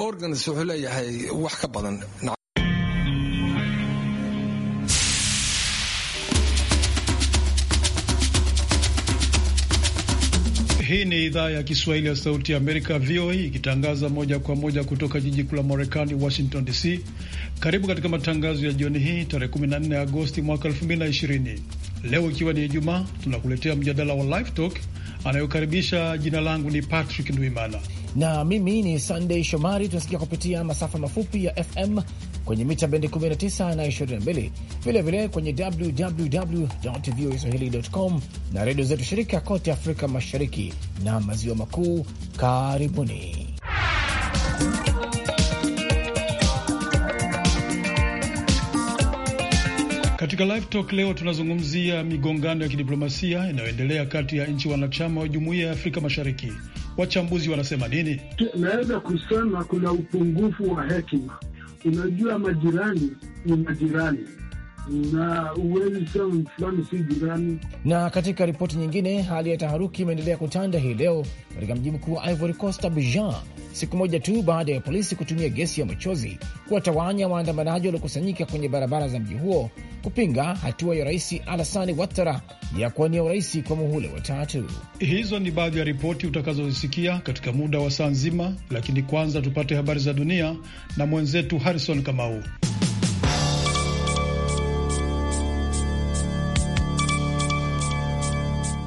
organs wuxuu leeyahay wax ka badan Hii ni idhaa ya Kiswahili ya Sauti ya Amerika, VOA, ikitangaza moja kwa moja kutoka jiji kuu la Marekani, Washington DC. Karibu katika matangazo ya jioni hii tarehe 14 Agosti mwaka 2020. Leo ikiwa ni Ijumaa, tunakuletea mjadala wa Live Talk anayokaribisha. Jina langu ni Patrick Ndwimana na mimi ni Sunday Shomari. Tunasikia kupitia masafa mafupi ya FM kwenye mita bendi 19 na 22, vilevile kwenye www voa swahili.com na redio zetu shirika kote Afrika Mashariki na Maziwa Makuu. Karibuni. Katika Live Talk leo tunazungumzia migongano ya kidiplomasia inayoendelea kati ya nchi wanachama wa Jumuiya ya Afrika Mashariki. Wachambuzi wanasema nini? Naweza kusema kuna upungufu wa hekima. Unajua, majirani ni majirani na uwezi sema fulani si jirani. Na katika ripoti nyingine, hali ya taharuki imeendelea kutanda hii leo katika mji mkuu wa Ivory Coast, Abidjan, siku moja tu baada ya polisi kutumia gesi ya machozi kuwatawanya waandamanaji waliokusanyika kwenye barabara za mji huo kupinga hatua ya Rais Alassani watara ya kuwania urais kwa muhula wa tatu. Hizo ni baadhi ya ripoti utakazozisikia katika muda wa saa nzima, lakini kwanza tupate habari za dunia na mwenzetu Harrison Kamau.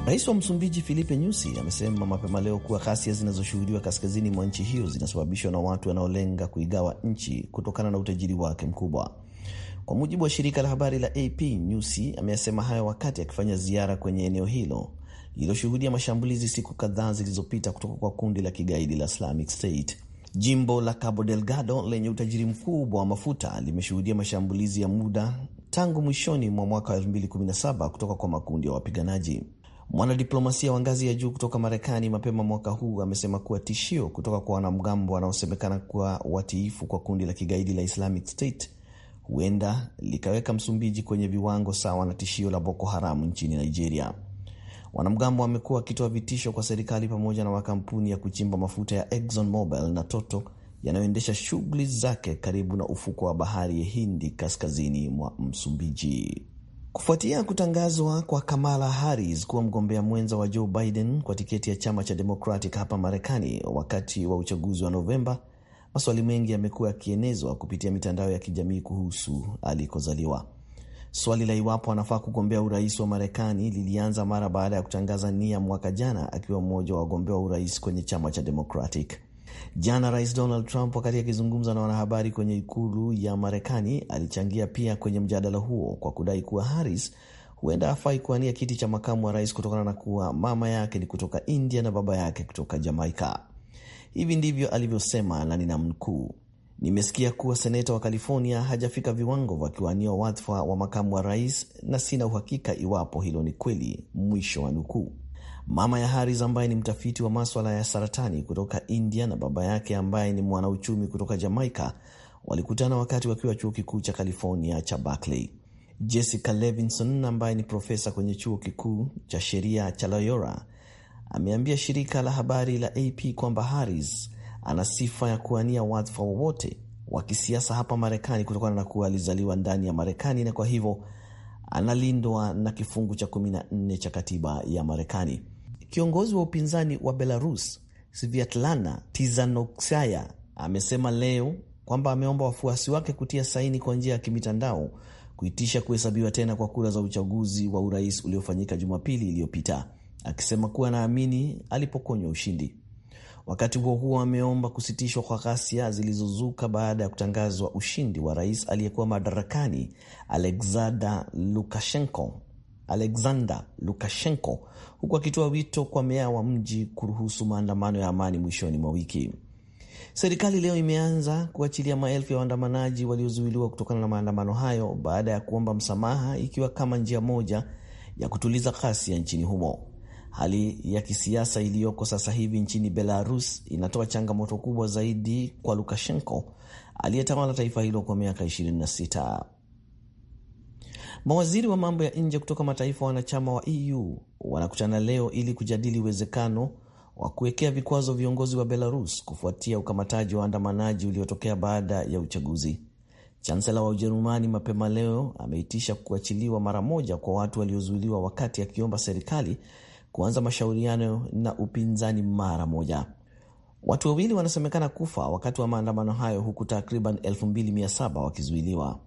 Rais wa Msumbiji Filipe Nyusi amesema mapema leo kuwa ghasia zinazoshuhudiwa kaskazini mwa nchi hiyo zinasababishwa na watu wanaolenga kuigawa nchi kutokana na utajiri wake mkubwa. Kwa mujibu wa shirika la habari la AP, Nyusi ameyasema hayo wakati akifanya ziara kwenye eneo hilo lililoshuhudia mashambulizi siku kadhaa zilizopita kutoka kwa kundi la kigaidi la Islamic State. Jimbo la Cabo Delgado lenye utajiri mkubwa wa mafuta limeshuhudia mashambulizi ya muda tangu mwishoni mwa mwaka 2017 kutoka kwa makundi ya wapiganaji. Mwanadiplomasia wa ngazi ya juu kutoka Marekani mapema mwaka huu amesema kuwa tishio kutoka kwa wanamgambo wanaosemekana kuwa watiifu kwa kundi la kigaidi la Islamic State huenda likaweka Msumbiji kwenye viwango sawa na tishio la Boko Haram nchini Nigeria. Wanamgambo wamekuwa wakitoa vitisho kwa serikali pamoja na makampuni ya kuchimba mafuta ya Exxon Mobil na Total yanayoendesha shughuli zake karibu na ufuko wa bahari ya Hindi kaskazini mwa Msumbiji kufuatia kutangazwa kwa Kamala Harris kuwa mgombea mwenza wa Joe Biden kwa tiketi ya chama cha Democratic hapa Marekani wakati wa uchaguzi wa Novemba. Maswali mengi yamekuwa yakienezwa kupitia mitandao ya kijamii kuhusu alikozaliwa. Swali la iwapo anafaa kugombea urais wa Marekani lilianza mara baada ya kutangaza nia mwaka jana, akiwa mmoja wa wagombea wa urais kwenye chama cha Democratic. Jana Rais Donald Trump, wakati akizungumza na wanahabari kwenye ikulu ya Marekani, alichangia pia kwenye mjadala huo kwa kudai kuwa Harris huenda hafai kuania kiti cha makamu wa rais kutokana na kuwa mama yake ni kutoka India na baba yake kutoka Jamaika. Hivi ndivyo alivyosema, na ninamnukuu: nimesikia kuwa seneta wa California hajafika viwango vya kuwania wadhifa wa makamu wa rais, na sina uhakika iwapo hilo ni kweli, mwisho wa nukuu mama ya haris ambaye ni mtafiti wa maswala ya saratani kutoka India na baba yake ambaye ni mwanauchumi kutoka Jamaica walikutana wakati wakiwa chuo kikuu cha California cha Berkeley. Jessica Levinson ambaye ni profesa kwenye chuo kikuu cha sheria cha Loyola ameambia shirika la habari la AP kwamba haris ana sifa ya kuania wadhifa wowote wa kisiasa hapa Marekani kutokana na kuwa alizaliwa ndani ya Marekani na kwa hivyo analindwa na kifungu cha 14 cha katiba ya Marekani. Kiongozi wa upinzani wa Belarus Sviatlana Tizanoksaya amesema leo kwamba ameomba wafuasi wake kutia saini kwa njia ya kimitandao kuitisha kuhesabiwa tena kwa kura za uchaguzi wa urais uliofanyika Jumapili iliyopita, akisema kuwa anaamini alipokonywa ushindi. Wakati huo huo, ameomba kusitishwa kwa ghasia zilizozuka baada ya kutangazwa ushindi wa rais aliyekuwa madarakani Alexander Lukashenko Alexander Lukashenko, huku akitoa wito kwa meya wa mji kuruhusu maandamano ya amani mwishoni mwa wiki. Serikali leo imeanza kuachilia maelfu ya waandamanaji waliozuiliwa kutokana na maandamano hayo baada ya kuomba msamaha, ikiwa kama njia moja ya kutuliza ghasia nchini humo. Hali ya kisiasa iliyoko sasa hivi nchini Belarus inatoa changamoto kubwa zaidi kwa Lukashenko aliyetawala taifa hilo kwa miaka 26. Mawaziri wa mambo ya nje kutoka mataifa wanachama wa EU wanakutana leo ili kujadili uwezekano wa kuwekea vikwazo viongozi wa Belarus kufuatia ukamataji wa waandamanaji uliotokea baada ya uchaguzi. Chansela wa Ujerumani mapema leo ameitisha kuachiliwa mara moja kwa watu waliozuiliwa wakati akiomba serikali kuanza mashauriano na upinzani mara moja. Watu wawili wanasemekana kufa wakati wa maandamano hayo huku takriban 2700 wakizuiliwa.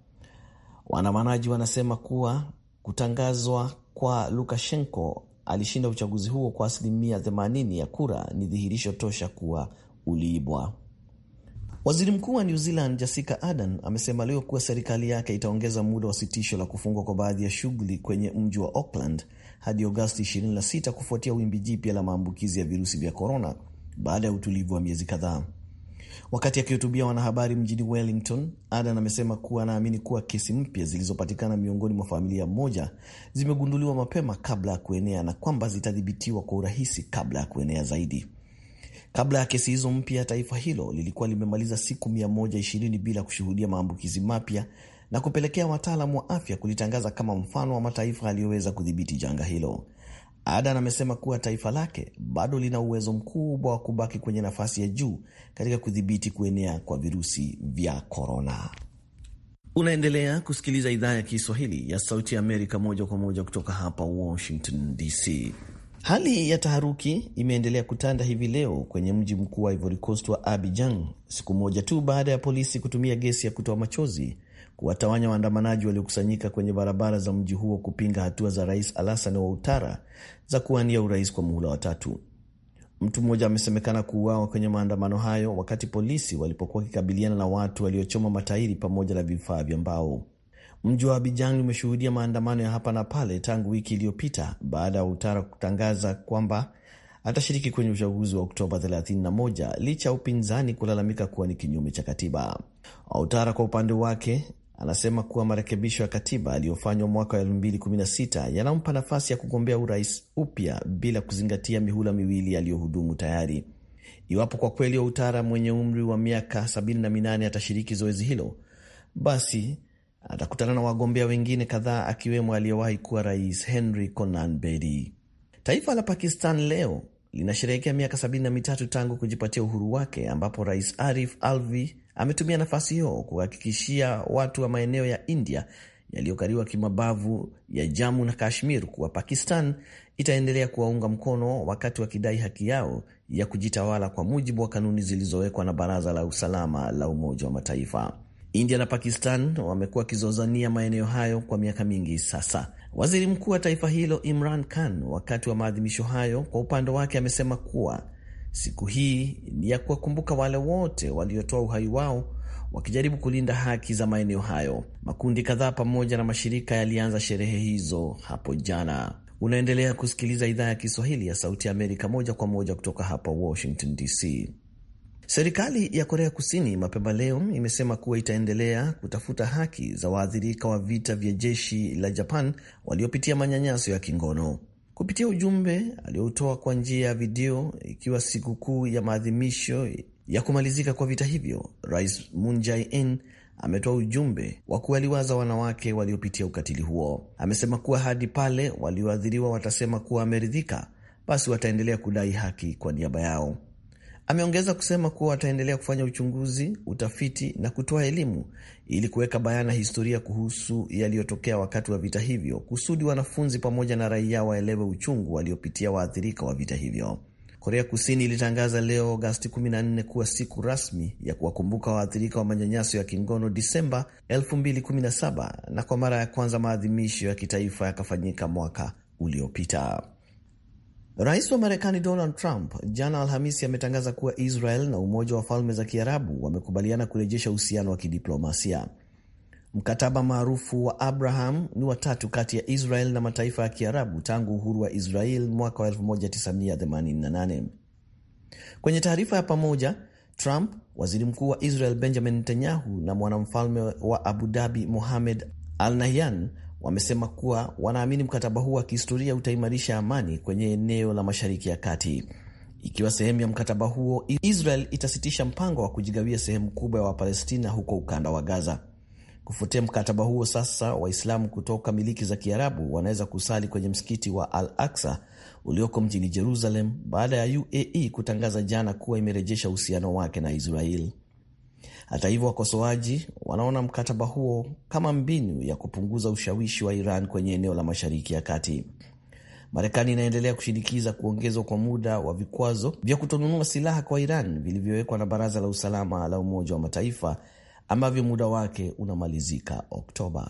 Waandamanaji wanasema kuwa kutangazwa kwa Lukashenko alishinda uchaguzi huo kwa asilimia 80 ya kura ni dhihirisho tosha kuwa uliibwa. Waziri Mkuu wa New Zealand Jacinda Ardern amesema leo kuwa serikali yake itaongeza muda wa sitisho la kufungwa kwa baadhi ya shughuli kwenye mji wa Auckland hadi Agosti 26 kufuatia wimbi jipya la maambukizi ya virusi vya korona baada ya utulivu wa miezi kadhaa. Wakati akihutubia wanahabari mjini Wellington, Adan amesema kuwa anaamini kuwa kesi mpya zilizopatikana miongoni mwa familia moja zimegunduliwa mapema kabla ya kuenea na kwamba zitadhibitiwa kwa urahisi kabla ya kuenea zaidi. Kabla ya kesi hizo mpya, taifa hilo lilikuwa limemaliza siku 120 bila kushuhudia maambukizi mapya na kupelekea wataalam wa afya kulitangaza kama mfano wa mataifa aliyoweza kudhibiti janga hilo. Adan amesema kuwa taifa lake bado lina uwezo mkubwa wa kubaki kwenye nafasi ya juu katika kudhibiti kuenea kwa virusi vya korona. Unaendelea kusikiliza idhaa ya Kiswahili ya Sauti ya Amerika moja kwa moja kutoka hapa Washington DC. Hali ya taharuki imeendelea kutanda hivi leo kwenye mji mkuu wa Ivory Coast wa Abidjan, siku moja tu baada ya polisi kutumia gesi ya kutoa machozi kuwatawanya waandamanaji waliokusanyika kwenye barabara za mji huo kupinga hatua za Rais Alassane Ouattara za kuwania urais kwa muhula watatu. Mtu mmoja amesemekana kuuawa kwenye maandamano hayo wakati polisi walipokuwa wakikabiliana na watu waliochoma matairi pamoja na vifaa vya mbao. Mji wa Abidjan umeshuhudia maandamano ya hapa na pale tangu wiki iliyopita baada ya Utara kutangaza kwamba atashiriki kwenye uchaguzi wa Oktoba 31 licha ya upinzani kulalamika kuwa ni kinyume cha katiba. Autara kwa upande wake anasema kuwa marekebisho ya katiba aliyofanywa mwaka wa 2016 yanampa nafasi ya kugombea urais upya bila kuzingatia mihula miwili aliyohudumu tayari. Iwapo kwa kweli Ouattara mwenye umri wa miaka 78 atashiriki zoezi hilo, basi atakutana na wagombea wengine kadhaa akiwemo aliyewahi kuwa rais Henry Konan Bedi. Taifa la Pakistan leo linasherehekea miaka 73 tangu kujipatia uhuru wake, ambapo rais Arif Alvi ametumia nafasi hiyo kuhakikishia watu wa maeneo ya India yaliyokaliwa kimabavu ya Jammu na Kashmir kuwa Pakistan itaendelea kuwaunga mkono wakati wakidai haki yao ya kujitawala kwa mujibu wa kanuni zilizowekwa na Baraza la Usalama la Umoja wa Mataifa. India na Pakistan wamekuwa wakizozania maeneo hayo kwa miaka mingi sasa. Waziri Mkuu wa taifa hilo Imran Khan, wakati wa maadhimisho hayo, kwa upande wake amesema kuwa Siku hii ni ya kuwakumbuka wale wote waliotoa uhai wao wakijaribu kulinda haki za maeneo hayo. Makundi kadhaa pamoja na mashirika yalianza sherehe hizo hapo jana. Unaendelea kusikiliza idhaa ya Kiswahili ya Sauti ya Amerika moja kwa moja kutoka hapa Washington DC. Serikali ya Korea Kusini mapema leo imesema kuwa itaendelea kutafuta haki za waathirika wa vita vya jeshi la Japan waliopitia manyanyaso ya kingono kupitia ujumbe aliotoa kwa njia ya video ikiwa sikukuu ya maadhimisho ya kumalizika kwa vita hivyo, Rais Moon Jae-in ametoa ujumbe wa kuwaliwaza wanawake waliopitia ukatili huo. Amesema kuwa hadi pale walioathiriwa watasema kuwa wameridhika basi wataendelea kudai haki kwa niaba yao. Ameongeza kusema kuwa wataendelea kufanya uchunguzi, utafiti na kutoa elimu ili kuweka bayana historia kuhusu yaliyotokea wakati wa vita hivyo, kusudi wanafunzi pamoja na raia waelewe uchungu waliopitia waathirika wa vita hivyo. Korea Kusini ilitangaza leo Agasti 14 kuwa siku rasmi ya kuwakumbuka waathirika wa manyanyaso ya kingono Disemba 2017 na kwa mara ya kwanza maadhimisho ya kitaifa yakafanyika mwaka uliopita. Rais wa Marekani Donald Trump jana Alhamisi ametangaza kuwa Israel na Umoja wa Falme za Kiarabu wamekubaliana kurejesha uhusiano wa kidiplomasia. Mkataba maarufu wa Abraham ni watatu kati ya Israel na mataifa ya Kiarabu tangu uhuru wa Israel mwaka wa 1988. Kwenye taarifa ya pamoja, Trump, waziri mkuu wa Israel Benjamin Netanyahu na mwanamfalme wa Abu Dhabi Mohamed Al Nahyan wamesema kuwa wanaamini mkataba huu wa kihistoria utaimarisha amani kwenye eneo la Mashariki ya Kati. Ikiwa sehemu ya mkataba huo, Israel itasitisha mpango wa kujigawia sehemu kubwa ya Wapalestina huko ukanda wa Gaza. Kufuatia mkataba huo, sasa Waislamu kutoka miliki za Kiarabu wanaweza kusali kwenye msikiti wa Al Aksa ulioko mjini Jerusalem baada ya UAE kutangaza jana kuwa imerejesha uhusiano wake na Israel. Hata hivyo, wakosoaji wanaona mkataba huo kama mbinu ya kupunguza ushawishi wa Iran kwenye eneo la Mashariki ya Kati. Marekani inaendelea kushinikiza kuongezwa kwa muda wa vikwazo vya kutonunua silaha kwa Iran vilivyowekwa na Baraza la Usalama la Umoja wa Mataifa ambavyo muda wake unamalizika Oktoba.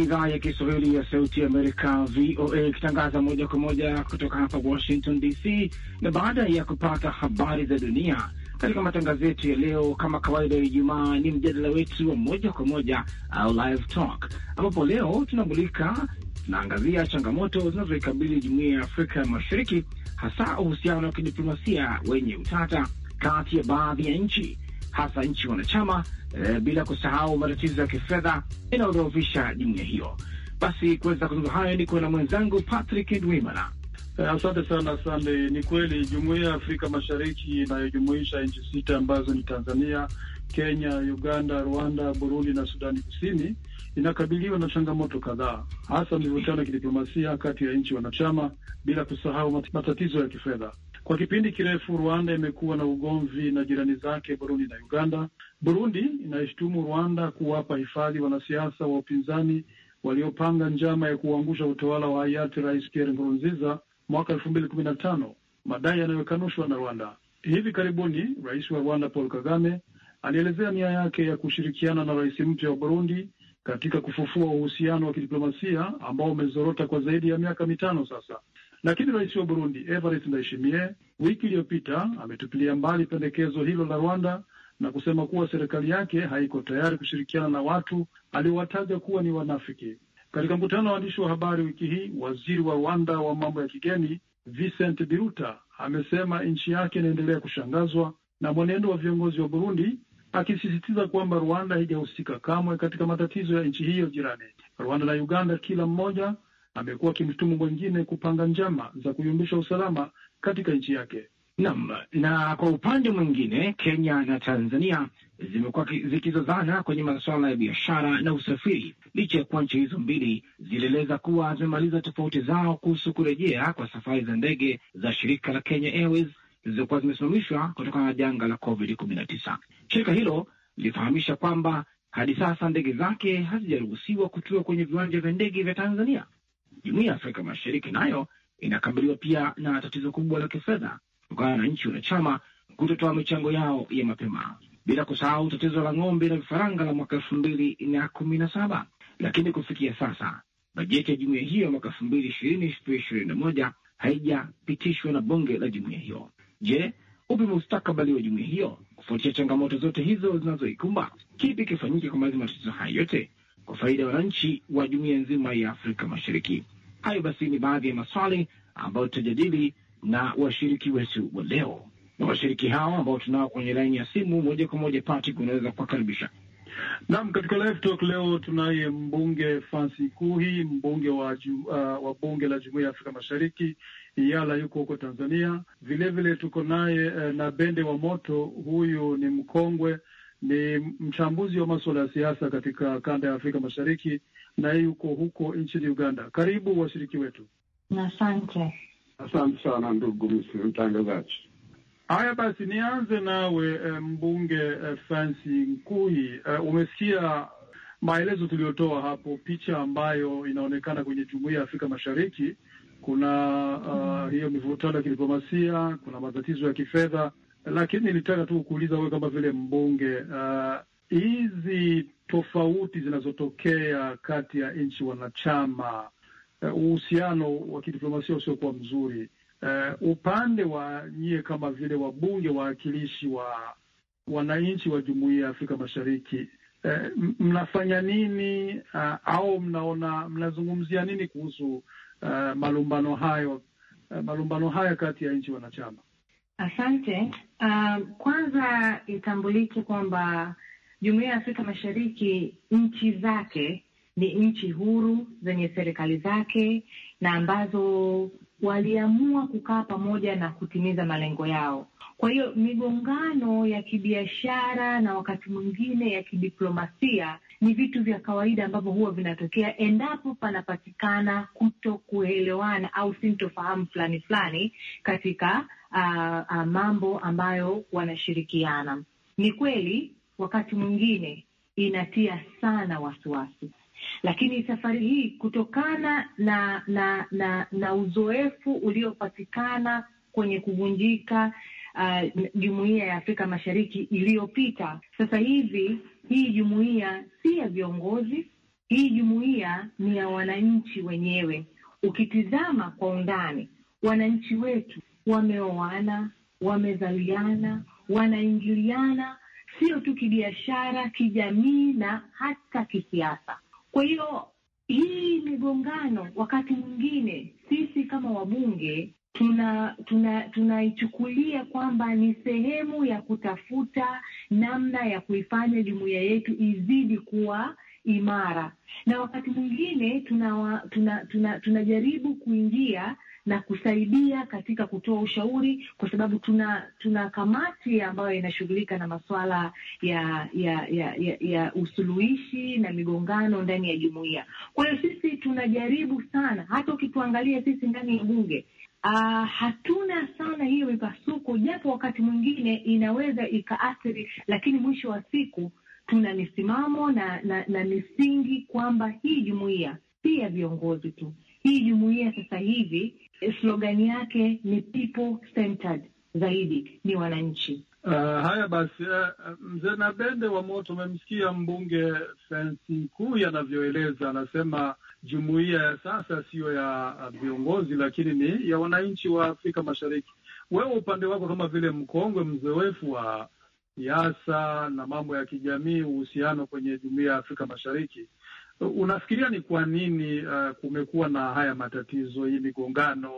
ni idhaa ya Kiswahili ya Sauti ya Amerika, VOA, ikitangaza moja kwa moja kutoka hapa Washington DC. Na baada ya kupata habari za dunia katika matangazo yetu ya leo, kama kawaida ya Ijumaa, ni mjadala wetu wa moja kwa moja au live talk, ambapo leo tunamulika, tunaangazia changamoto zinazoikabili Jumuiya ya Afrika Mashariki, hasa uhusiano wa kidiplomasia wenye utata kati ya baadhi ya nchi hasa nchi wanachama e, bila kusahau matatizo ya kifedha inayodhoofisha jumuiya hiyo. Basi kuweza kuzungumza hayo niko na mwenzangu Patrick Dwimana. Eh, asante sana Sande. Ni kweli jumuiya ya Afrika Mashariki inayojumuisha nchi sita ambazo ni Tanzania, Kenya, Uganda, Rwanda, Burundi na Sudani Kusini inakabiliwa na changamoto kadhaa, hasa mivutano ya kidiplomasia kati ya nchi wanachama, bila kusahau matatizo ya kifedha. Kwa kipindi kirefu Rwanda imekuwa na ugomvi na jirani zake Burundi na Uganda. Burundi inaishtumu Rwanda kuwapa hifadhi wanasiasa wa upinzani waliopanga njama ya kuangusha utawala wa hayati Rais Pierre Nkurunziza mwaka elfu mbili kumi na tano, madai yanayokanushwa na Rwanda. Hivi karibuni rais wa Rwanda Paul Kagame alielezea nia yake ya kushirikiana na rais mpya wa Burundi katika kufufua uhusiano wa kidiplomasia ambao umezorota kwa zaidi ya miaka mitano sasa. Lakini rais wa Burundi Evariste Ndayishimiye wiki iliyopita ametupilia mbali pendekezo hilo la Rwanda na kusema kuwa serikali yake haiko tayari kushirikiana na watu aliowataja kuwa ni wanafiki. Katika mkutano wa waandishi wa habari wiki hii, waziri wa Rwanda wa mambo ya kigeni Vincent Biruta amesema nchi yake inaendelea kushangazwa na mwenendo wa viongozi wa Burundi, akisisitiza kwamba Rwanda haijahusika kamwe katika matatizo ya nchi hiyo jirani. Rwanda na Uganda kila mmoja amekuwa akimshutumu mwingine kupanga njama za kuyumbisha usalama katika nchi yake. Naam, na kwa upande mwingine Kenya na Tanzania zimekuwa zikizozana kwenye masuala ya biashara na usafiri, licha ya kuwa nchi hizo mbili zilieleza kuwa zimemaliza tofauti zao kuhusu kurejea kwa safari za ndege za shirika la Kenya Airways zilizokuwa zimesimamishwa kutokana na janga la Covid 19. Shirika hilo lilifahamisha kwamba hadi sasa ndege zake hazijaruhusiwa kutua kwenye viwanja vya ndege vya Tanzania Jumuiya ya Afrika Mashariki nayo inakabiliwa pia na tatizo kubwa la kifedha kutokana na nchi wanachama kutotoa michango yao ya mapema, bila kusahau tatizo la ng'ombe na vifaranga la mwaka elfu mbili na kumi na saba. Lakini kufikia sasa bajeti ya jumuiya hiyo ya mwaka elfu mbili ishirini ishirini na moja haijapitishwa na bunge la jumuiya hiyo. Je, upi mustakabali wa jumuiya hiyo kufuatia changamoto zote hizo zinazoikumba? Kipi kifanyike kumaliza matatizo haya yote? kwa faida ya wananchi wa jumuiya nzima ya Afrika Mashariki. Hayo basi ni baadhi ya maswali ambayo tutajadili na washiriki wetu wa leo, na washiriki hao ambao tunao kwenye laini ya simu moja kwa moja, Patrick, unaweza kuwakaribisha. Naam, katika live talk leo tunaye mbunge Fansi Kuhi, mbunge wa, ju, uh, wa bunge la jumuiya ya Afrika Mashariki Iyala, yuko huko Tanzania. Vilevile tuko naye uh, na Bende wa Moto, huyu ni mkongwe ni mchambuzi wa masuala ya siasa katika kanda ya Afrika Mashariki, na yeye yuko huko nchini Uganda. Karibu washiriki wetu. Asante, asante sana ndugu mtangazaji. Haya basi, nianze nawe eh, mbunge eh, Fansi Nkuhi. Eh, umesikia maelezo tuliyotoa hapo, picha ambayo inaonekana kwenye jumuiya ya Afrika Mashariki kuna uh, hiyo mivutano ya kidiplomasia, kuna matatizo ya kifedha lakini nilitaka tu kuuliza wewe kama vile mbunge uh, hizi tofauti zinazotokea kati ya nchi wanachama, uh, uhusiano wa kidiplomasia usiokuwa mzuri uh, upande wa nyie kama vile wabunge wawakilishi wa wananchi wa jumuiya ya Afrika Mashariki uh, mnafanya nini uh, au mnaona mnazungumzia nini kuhusu uh, malumbano hayo uh, malumbano haya kati ya nchi wanachama? Asante. Uh, kwanza itambulike kwamba Jumuiya ya Afrika Mashariki nchi zake ni nchi huru zenye serikali zake na ambazo waliamua kukaa pamoja na kutimiza malengo yao. Kwa hiyo migongano ya kibiashara na wakati mwingine ya kidiplomasia ni vitu vya kawaida ambavyo huwa vinatokea endapo panapatikana kuto kuelewana au sintofahamu fulani fulani katika uh, uh, mambo ambayo wanashirikiana. Ni kweli wakati mwingine inatia sana wasiwasi, lakini safari hii kutokana na na na, na uzoefu uliopatikana kwenye kuvunjika uh, ya Afrika Mashariki iliyopita, sasa hivi hii jumuiya si ya viongozi, hii jumuiya ni ya wananchi wenyewe. Ukitizama kwa undani, wananchi wetu wameoana, wamezaliana, wanaingiliana sio tu kibiashara, kijamii na hata kisiasa. Kwa hiyo hii migongano wakati mwingine sisi kama wabunge tunaichukulia tuna, tuna kwamba ni sehemu ya kutafuta namna ya kuifanya jumuiya yetu izidi kuwa imara, na wakati mwingine tunajaribu tuna, tuna, tuna kuingia na kusaidia katika kutoa ushauri, kwa sababu tuna tuna kamati ambayo inashughulika na masuala ya ya, ya ya ya usuluhishi na migongano ndani ya jumuiya. Kwa hiyo sisi tunajaribu sana, hata ukituangalia sisi ndani ya bunge Uh, hatuna sana hiyo mipasuko, japo wakati mwingine inaweza ikaathiri, lakini mwisho wa siku tuna misimamo na, na, na misingi kwamba hii jumuiya si ya viongozi tu. Hii jumuiya sasa hivi slogani yake ni people centered zaidi ni wananchi. Uh, haya basi, uh, mzee Nabende wa Moto, umemsikia mbunge Fensi Kuu yanavyoeleza. Anasema jumuiya ya sasa siyo ya ah, viongozi, lakini ni ya wananchi wa Afrika Mashariki. Wewe upande wako kama vile mkongwe mzoefu wa siasa na mambo ya kijamii, uhusiano kwenye jumuiya ya Afrika Mashariki, Unafikiria ni kwa nini uh, kumekuwa na haya matatizo, hii migongano,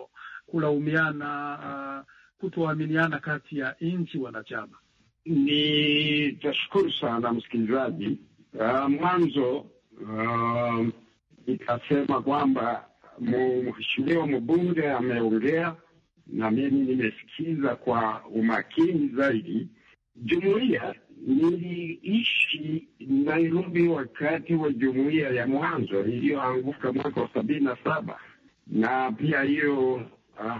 kulaumiana, uh, kutoaminiana kati ya nchi wanachama? Nitashukuru sana msikilizaji. Uh, mwanzo uh, kwamba mheshimiwa mbunge ameongea na mimi nimesikiza kwa umakini zaidi. Jumuiya niliishi Nairobi wakati wa jumuiya ya mwanzo iliyoanguka mwaka wa sabini na saba na pia hiyo uh,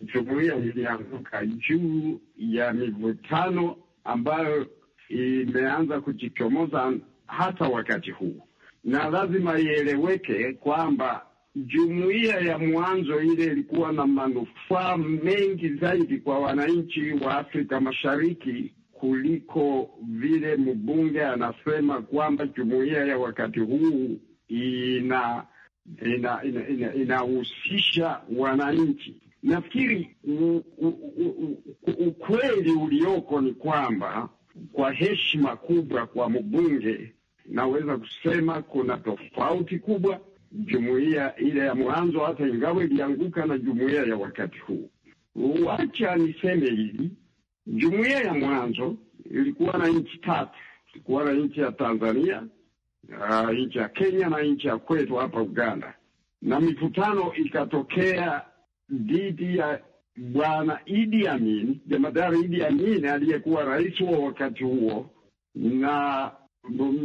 jumuiya ilianguka juu ya mivutano ambayo imeanza kujichomoza hata wakati huu, na lazima ieleweke kwamba jumuiya ya mwanzo ile ilikuwa na manufaa mengi zaidi kwa wananchi wa Afrika Mashariki kuliko vile mbunge anasema kwamba jumuiya ya wakati huu ina inahusisha ina, ina, ina wananchi. Nafikiri ukweli ulioko ni kwamba, kwa heshima kubwa kwa mbunge, naweza kusema kuna tofauti kubwa jumuiya ile ya mwanzo, hata ingawa ilianguka na jumuiya ya wakati huu. Wacha niseme hili Jumuiya ya mwanzo ilikuwa na nchi tatu, ilikuwa na nchi ya Tanzania, uh, nchi ya Kenya na nchi ya kwetu hapa Uganda, na mivutano ikatokea dhidi ya Bwana Idi Amin, jemadari Idi Amin aliyekuwa rais wa wakati huo na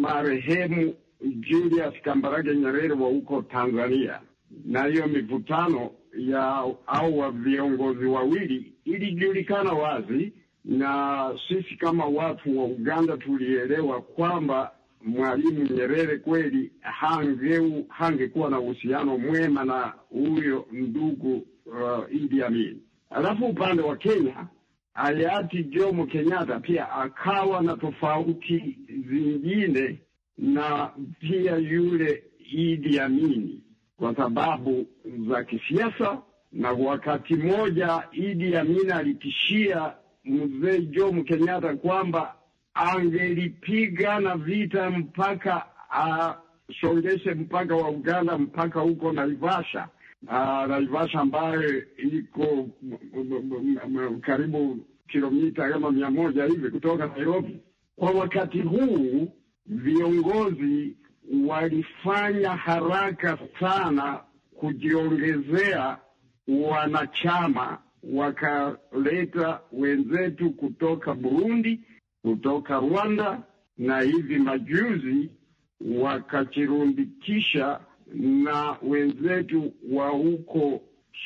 marehemu Julius Kambarage Nyerere wa huko Tanzania, na hiyo mivutano ya au wa viongozi wawili ilijulikana wazi na sisi kama watu wa Uganda tulielewa kwamba Mwalimu Nyerere kweli hange hangekuwa na uhusiano mwema na huyo ndugu uh, Idi Amin. Alafu upande wa Kenya, hayati Jomo Kenyatta pia akawa na tofauti zingine na pia yule Idi Amin kwa sababu za kisiasa, na wakati mmoja Idi Amin alitishia mzee Jomo Kenyatta kwamba angelipigana vita mpaka asongeshe mpaka wa Uganda mpaka huko Naivasha. Ah, Naivasha ambayo iko karibu kilomita kama mia moja hivi kutoka Nairobi. Kwa wakati huu viongozi walifanya haraka sana kujiongezea wanachama wakaleta wenzetu kutoka Burundi, kutoka Rwanda na hivi majuzi wakachirundikisha na wenzetu wa huko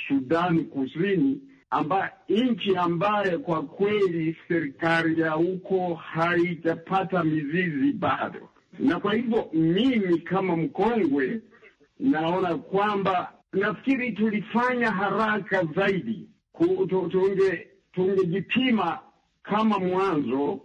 Sudani Kusini, amba nchi ambaye kwa kweli serikali ya huko haijapata mizizi bado. Na kwa hivyo mimi kama mkongwe naona kwamba nafikiri tulifanya haraka zaidi tungejipima kama mwanzo,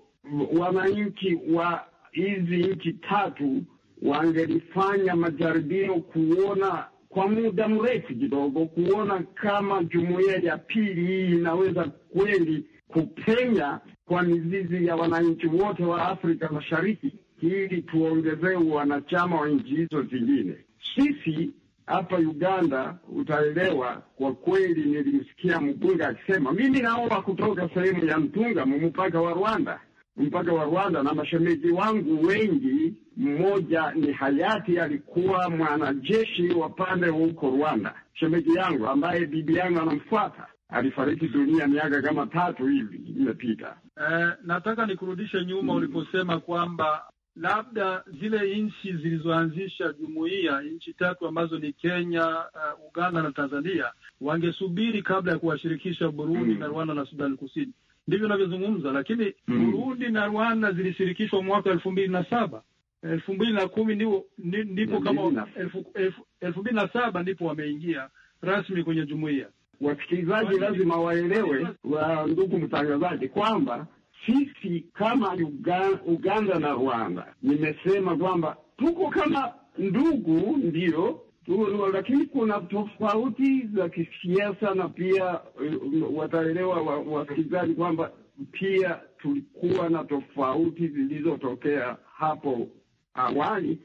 wananchi wa hizi nchi tatu wangelifanya majaribio kuona kwa muda mrefu kidogo, kuona kama jumuiya ya pili hii inaweza kweli kupenya kwa mizizi ya wananchi wote wa Afrika Mashariki ili tuongezee wanachama wa nchi hizo zingine. Sisi hapa Uganda utaelewa. Kwa kweli, nilimsikia mbunge akisema, mimi naomba kutoka sehemu ya Mtunga mpaka wa Rwanda, mpaka wa Rwanda, na mashemeji wangu wengi, mmoja ni hayati alikuwa mwanajeshi wa pande huko Rwanda, shemeji yangu ambaye bibi yangu anamfuata alifariki dunia miaka kama tatu hivi imepita. Eh, nataka nikurudishe nyuma mm. uliposema kwamba labda zile nchi zilizoanzisha jumuiya, nchi tatu ambazo ni Kenya, uh, Uganda na Tanzania, wangesubiri kabla ya kuwashirikisha Burundi mm. na Rwanda na Sudani Kusini. Ndivyo navyozungumza, lakini mm. Burundi na Rwanda zilishirikishwa mwaka elfu mbili na saba elfu mbili na kumi ndipo ni, kama elfu mbili na saba ndipo wameingia rasmi kwenye jumuiya. Wasikilizaji lazima waelewe wa ndugu mtangazaji kwamba sisi kama Uganda, na Rwanda, nimesema kwamba tuko kama ndugu, ndio lakini kuna tofauti za kisiasa na pia uh, wataelewa wasikilizaji kwamba pia tulikuwa na tofauti zilizotokea hapo awali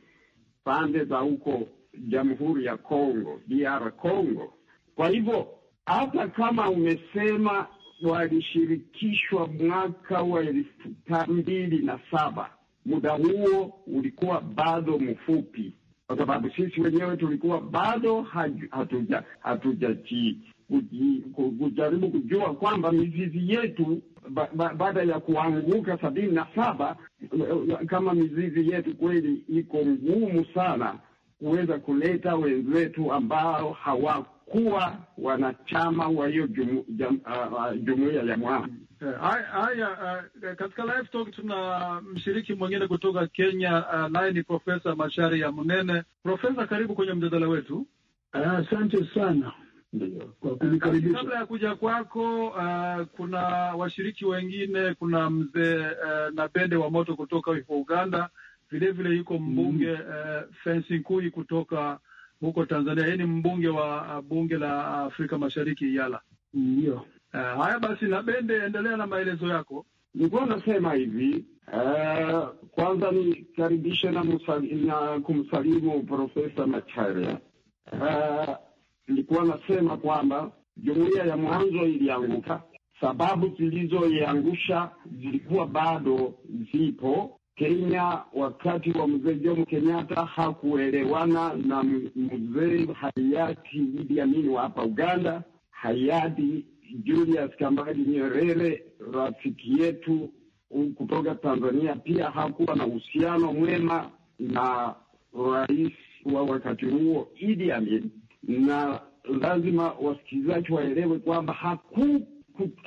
pande za huko Jamhuri ya Kongo, DR Congo. Kwa hivyo hata kama umesema walishirikishwa mwaka wa elfu mbili na saba. Muda huo ulikuwa bado mfupi, kwa sababu sisi wenyewe tulikuwa bado hatuja hatujaji kujaribu kujua kwamba mizizi yetu baada ba, baada ya kuanguka sabini na saba, kama mizizi yetu kweli iko ngumu sana kuweza kuleta wenzetu ambao hawa kuwa wanachama wa hiyo jumu, jam, uh, jumuiya ya mwama. Eh, haya, uh, katika live talk tuna mshiriki mwingine kutoka Kenya uh, naye ni Profesa Mashari ya Munene. Profesa, karibu kwenye mjadala wetu. Asante uh, sana kwa kunikaribisha. Kabla ya kuja kwako, uh, kuna washiriki wengine, kuna mzee uh, Nabende wa Moto kutoka ipo Uganda, vilevile yuko mbunge mm. uh, Fensi Nkui kutoka huko Tanzania. Yeye ni mbunge wa uh, bunge la Afrika Mashariki yala Ndio. Uh, haya basi, na Bende, endelea na maelezo yako. Nilikuwa nasema hivi uh, kwanza nikaribishe na, na kumsalimu Profesa Macharia. Uh, nilikuwa nasema kwamba jumuiya ya mwanzo ilianguka, sababu zilizoiangusha zilikuwa bado zipo Kenya wakati wa mzee Jomo Kenyatta hakuelewana na mzee hayati Idi Amin wa hapa Uganda, hayati Julius Kambarage Nyerere rafiki yetu kutoka Tanzania pia hakuwa na uhusiano mwema na rais wa wakati huo Idi Amin, na lazima wasikilizaji waelewe kwamba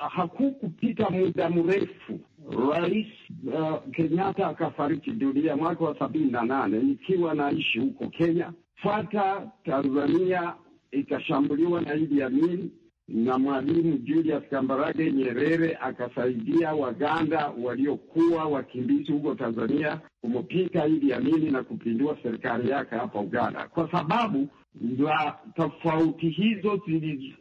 haku kupita muda mrefu Rais uh, Kenyatta akafariki dunia mwaka wa sabini na nane nikiwa naishi huko Kenya. Fata Tanzania ikashambuliwa na Idi Amin na Mwalimu Julius Kambarage Nyerere akasaidia Waganda waliokuwa wakimbizi huko Tanzania kumupika Idi Amin na kupindua serikali yake hapa Uganda, kwa sababu za tofauti hizo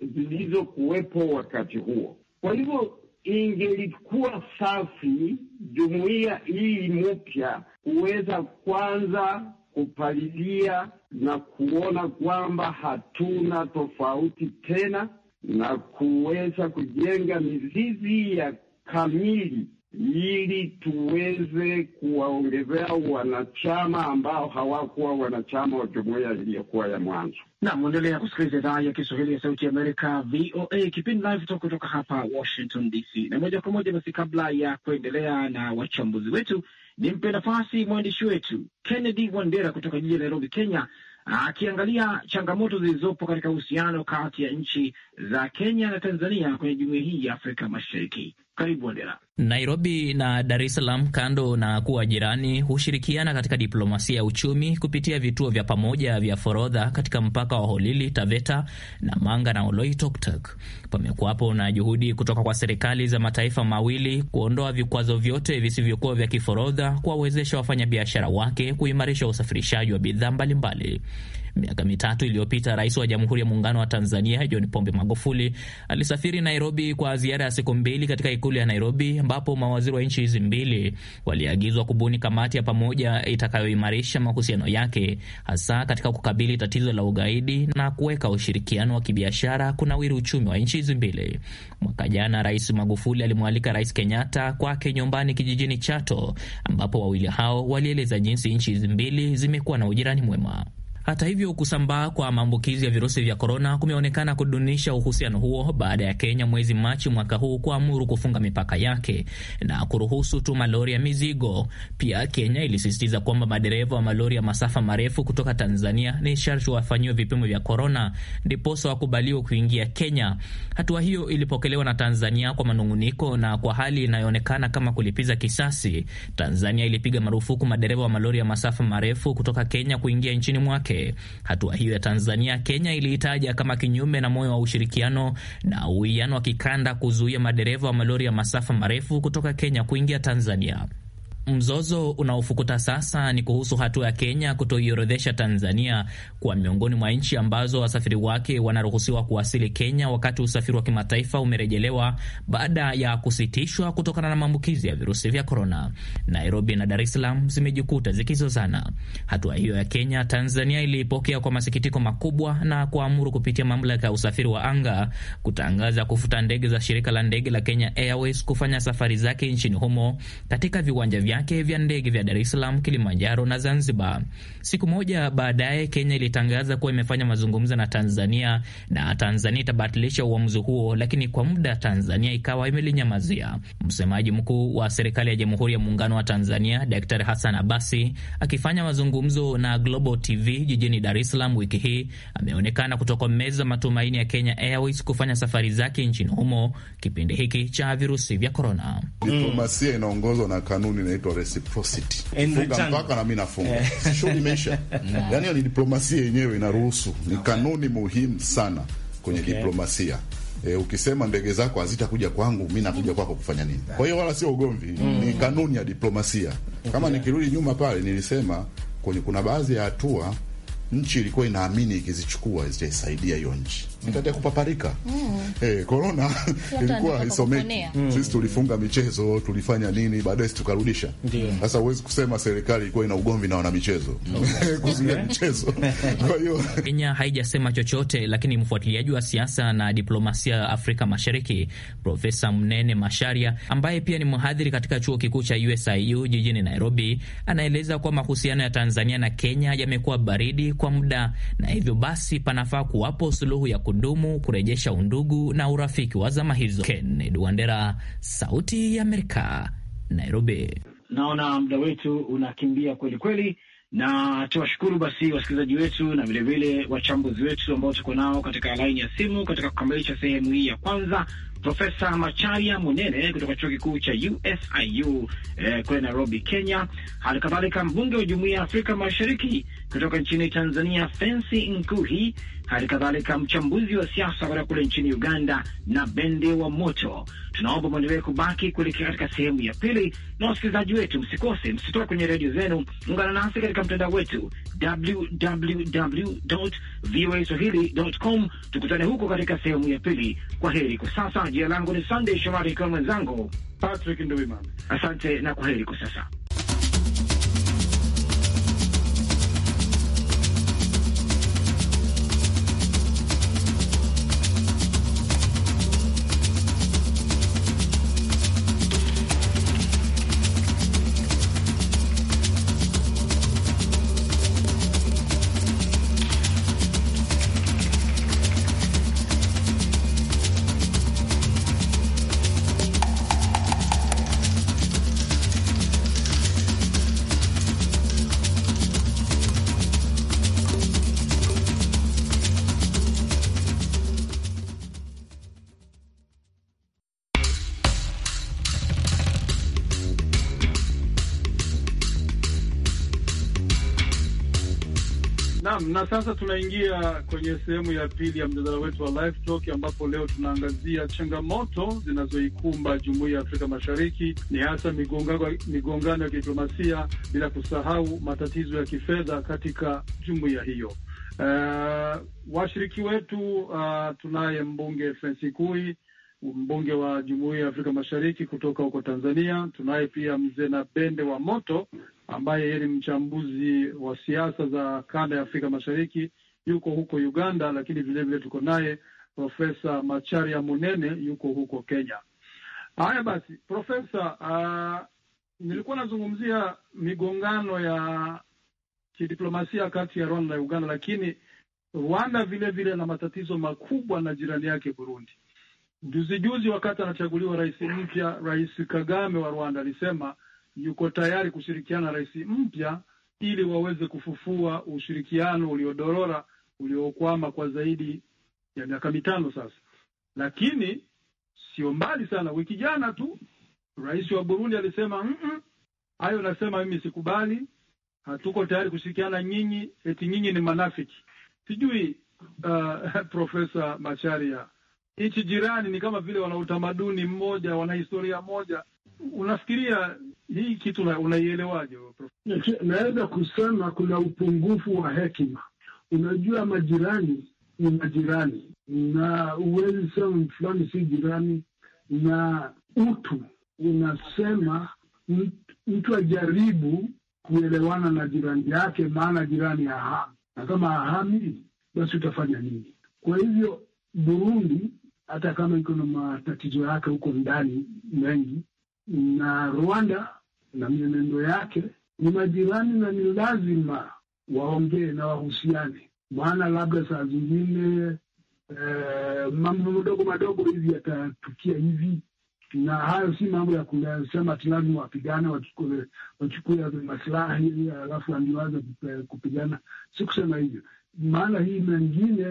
zilizokuwepo wakati huo. Kwa hivyo ingelikuwa safi jumuiya hii mpya kuweza kwanza kupalilia na kuona kwamba hatuna tofauti tena na kuweza kujenga mizizi ya kamili ili tuweze kuwaongezea wanachama ambao hawakuwa wanachama wa jumuiya iliyokuwa ya mwanzo. Nam endelea kusikiliza idhaa ya Kiswahili ya Sauti ya Amerika, VOA, kipindi Live Talk kutoka hapa Washington DC. Na moja kwa moja basi, kabla ya kuendelea na wachambuzi wetu, nimpe nafasi mwandishi wetu Kennedy Wandera kutoka jiji la Nairobi, Kenya, akiangalia changamoto zilizopo katika uhusiano kati ya nchi za Kenya na Tanzania kwenye jumuiya hii ya Afrika Mashariki karibu Wandera. Nairobi na Dar es Salaam, kando na kuwa jirani, hushirikiana katika diplomasia ya uchumi kupitia vituo vya pamoja vya forodha katika mpaka wa Holili, Taveta na Manga na Oloitoktok. Pamekuwapo na juhudi kutoka kwa serikali za mataifa mawili kuondoa vikwazo vyote visivyokuwa vya kiforodha, kuwawezesha wafanyabiashara wake kuimarisha usafirishaji wa bidhaa mbalimbali. Miaka mitatu iliyopita, rais wa Jamhuri ya Muungano wa Tanzania John Pombe Magufuli alisafiri Nairobi kwa ziara ya siku mbili katika ikulu ya Nairobi, ambapo mawaziri wa nchi hizi mbili waliagizwa kubuni kamati ya pamoja itakayoimarisha mahusiano yake, hasa katika kukabili tatizo la ugaidi na kuweka ushirikiano wa kibiashara kunawiri uchumi wa nchi hizi mbili. Mwaka jana, Rais Magufuli alimwalika Rais Kenyatta kwake nyumbani kijijini Chato, ambapo wawili hao walieleza jinsi nchi hizi mbili zimekuwa na ujirani mwema. Hata hivyo, kusambaa kwa maambukizi ya virusi vya korona kumeonekana kudunisha uhusiano huo baada ya Kenya mwezi Machi mwaka huu kuamuru kufunga mipaka yake na kuruhusu tu malori ya mizigo. Pia Kenya ilisisitiza kwamba madereva wa malori ya masafa marefu kutoka Tanzania ni sharti wafanyiwe vipimo vya korona ndiposa wakubaliwe kuingia Kenya. Hatua hiyo ilipokelewa na Tanzania kwa manung'uniko na kwa hali inayoonekana kama kulipiza kisasi. Tanzania ilipiga marufuku madereva wa malori ya masafa marefu kutoka Kenya kuingia nchini mwake wake. Hatua hiyo ya Tanzania, Kenya iliitaja kama kinyume na moyo wa ushirikiano na uwiano wa kikanda, kuzuia madereva wa malori ya masafa marefu kutoka Kenya kuingia Tanzania. Mzozo unaofukuta sasa ni kuhusu hatua ya Kenya kutoiorodhesha Tanzania kwa miongoni mwa nchi ambazo wasafiri wake wanaruhusiwa kuwasili Kenya, wakati usafiri wa kimataifa umerejelewa baada ya kusitishwa kutokana na maambukizi ya virusi vya korona. Nairobi na Dar es Salaam zimejikuta zikizozana. Hatua hiyo ya Kenya, Tanzania iliipokea kwa masikitiko makubwa na kuamuru kupitia mamlaka ya usafiri wa anga kutangaza kufuta ndege za shirika la ndege la Kenya Airways kufanya safari zake nchini humo katika viwanja vya vyake vya ndege vya Dar es Salaam, Kilimanjaro na Zanzibar. Siku moja baadaye, Kenya ilitangaza kuwa imefanya mazungumzo na Tanzania na Tanzania itabatilisha uamuzi huo, lakini kwa muda Tanzania ikawa imelinyamazia. Msemaji mkuu wa serikali ya Jamhuri ya Muungano wa Tanzania Daktari Hassan Abasi akifanya mazungumzo na Global TV jijini Dar es Salaam wiki hii ameonekana kutokomeza matumaini ya Kenya Airways kufanya safari zake nchini humo kipindi hiki cha virusi vya korona. Diplomasia inaongozwa na kanuni inaitwa reciprocity, funga mpaka na mimi nafunga, shughuli imeisha. Yani ni diplomasia yenyewe inaruhusu, ni kanuni muhimu sana kwenye okay, diplomasia E, ukisema ndege zako hazitakuja kwangu, mi nakuja kwako kufanya nini? Kwa hiyo wala sio ugomvi mm. Ni kanuni ya diplomasia kama Nikirudi nyuma pale nilisema kwenye kuna baadhi ya hatua nchi ilikuwa inaamini ikizichukua zitaisaidia hiyo nchi itaendelea kupaparika. Korona mm. eh, ilikuwa isomeki mm. sisi tulifunga michezo, tulifanya nini, baadaye si tukarudisha. Sasa huwezi kusema serikali ilikuwa ina ugomvi na wanamichezo mm. kuzuia eh? michezo. Kwa hiyo Kenya haijasema chochote, lakini mfuatiliaji wa siasa na diplomasia Afrika Mashariki Profesa Mnene Masharia ambaye pia ni mhadhiri katika chuo kikuu cha USIU jijini Nairobi anaeleza kuwa mahusiano ya Tanzania na Kenya yamekuwa baridi kwa muda na hivyo basi panafaa kuwapo suluhu ya kudu kudumu kurejesha undugu na urafiki wa zama hizo. Kennedy Wandera, Sauti ya Amerika, Nairobi. Naona muda wetu unakimbia kweli kweli, na tuwashukuru basi wasikilizaji wetu na vilevile wachambuzi wetu ambao tuko nao katika laini ya simu katika kukamilisha sehemu hii ya kwanza Profesa Macharia Munene kutoka chuo kikuu cha USIU eh, kule Nairobi, Kenya. Hali kadhalika mbunge wa jumuiya ya Afrika Mashariki kutoka nchini Tanzania, Fancy Nkuhi. Hali kadhalika mchambuzi wa siasa kutoka kule nchini Uganda na Bende wa Moto. Tunaomba mwendelee kubaki kuelekea katika sehemu ya pili, na wasikilizaji wetu msikose, msitoke kwenye redio zenu, ungana nasi katika mtandao wetu www.voaswahili.com. Tukutane huko katika sehemu ya pili. Kwa heri kwa sasa. Jina langu ni Sunday Shomari, kwa mwenzangu Patrick Nduiman. Asante na kwaheri kwa sasa. Naam, na sasa tunaingia kwenye sehemu ya pili ya mjadala wetu wa Live Talk ambapo leo tunaangazia changamoto zinazoikumba Jumuiya ya Afrika Mashariki, ni hasa migongano ya kidiplomasia, bila kusahau matatizo ya kifedha katika jumuiya hiyo. Uh, washiriki wetu uh, tunaye mbunge Fensi Kui, mbunge wa Jumuiya ya Afrika Mashariki kutoka huko Tanzania. Tunaye pia mzee na Bende wa Moto ambaye yeye ni mchambuzi wa siasa za kanda ya Afrika Mashariki, yuko huko Uganda, lakini vilevile tuko naye Profesa Macharia Munene yuko huko Kenya. Haya basi, Profesa, uh, nilikuwa nazungumzia migongano ya kidiplomasia kati ya Rwanda na Uganda, lakini Rwanda vile vile na matatizo makubwa na jirani yake Burundi. Juzi juzi, wakati anachaguliwa rais mpya, Rais Kagame wa Rwanda alisema yuko tayari kushirikiana na rais mpya ili waweze kufufua ushirikiano uliodorora uliokwama kwa zaidi ya miaka mitano sasa. Lakini sio mbali sana, wiki jana tu rais wa Burundi alisema mm hayo -mm, nasema mimi sikubali, hatuko tayari kushirikiana nyinyi, eti nyinyi ni manafiki. Sijui uh, Profesa Macharia, nchi jirani ni kama vile wana utamaduni mmoja, wana historia moja, unafikiria hii kitu unaielewaje? Naweza kusema kuna upungufu wa hekima. Unajua, majirani ni majirani, na huwezi sema fulani si jirani, na utu unasema mtu ajaribu kuelewana na jirani yake, maana jirani ahami, na kama ahami, basi utafanya nini? Kwa hivyo Burundi hata kama iko na matatizo yake huko ndani mengi na Rwanda na mienendo yake ni majirani, na ni lazima waongee na wahusiane, maana labda saa zingine eh, mambo madogo madogo hivi yatatukia hivi, na hayo si mambo ya kusema lazima wapigane, wachukue maslahi alafu andiwaza kupigana. Si kusema hivyo, maana hii mengine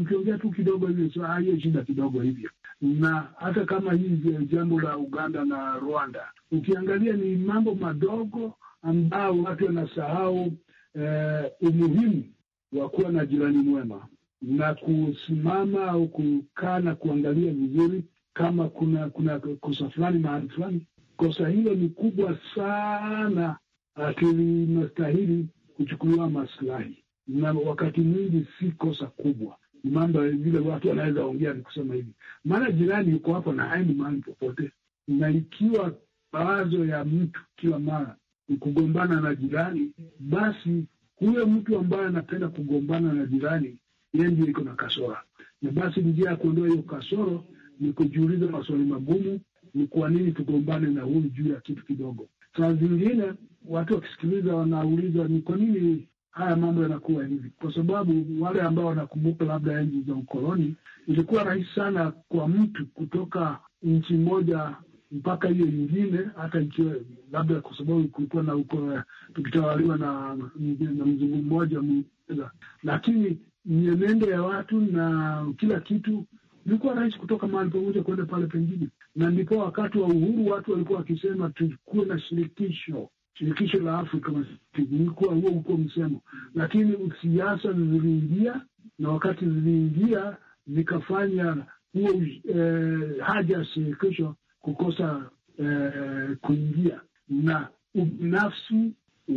ukiongea tu kidogo hivyo, ah, hiyo shida kidogo hivyo na hata kama hii jambo la Uganda na Rwanda, ukiangalia ni mambo madogo ambao watu wanasahau eh, umuhimu wa kuwa na jirani mwema na kusimama au kukaa na kuangalia vizuri kama kuna kuna kosa fulani mahali fulani. Kosa hilo ni kubwa sana, akilinastahili kuchukuliwa maslahi, na wakati mwingi si kosa kubwa mambo vile watu wanaweza ongea ni kusema hivi, maana jirani yuko hapo na aini mahali popote. Na ikiwa mawazo ya mtu kila mara ni kugombana na jirani, basi huyo mtu ambaye anapenda kugombana na jirani, ye ndio iko na kasora, na basi njia ya kuondoa hiyo kasoro ni kujiuliza maswali magumu, ni kwa nini tugombane na huyu juu ya kitu kidogo. Saa zingine watu wakisikiliza wanauliza ni kwa nini haya mambo yanakuwa hivi, kwa sababu wale ambao wanakumbuka labda enzi za ukoloni, ilikuwa rahisi sana kwa mtu kutoka nchi moja mpaka hiyo nyingine, hata ikiwa labda kwa sababu kulikuwa na uko tukitawaliwa na, na mzungu mmoja Mwingereza, lakini mienendo ya watu na kila kitu ilikuwa rahisi kutoka mahali pamoja kwenda pale pengine, na ndipo wakati wa uhuru watu walikuwa wakisema tukuwe na shirikisho shirikisho la Afrika Mashariki, huo huko msemo, lakini siasa ziliingia, na wakati ziliingia zikafanya huo eh, haja ya shirikisho kukosa eh, kuingia, na ubinafsi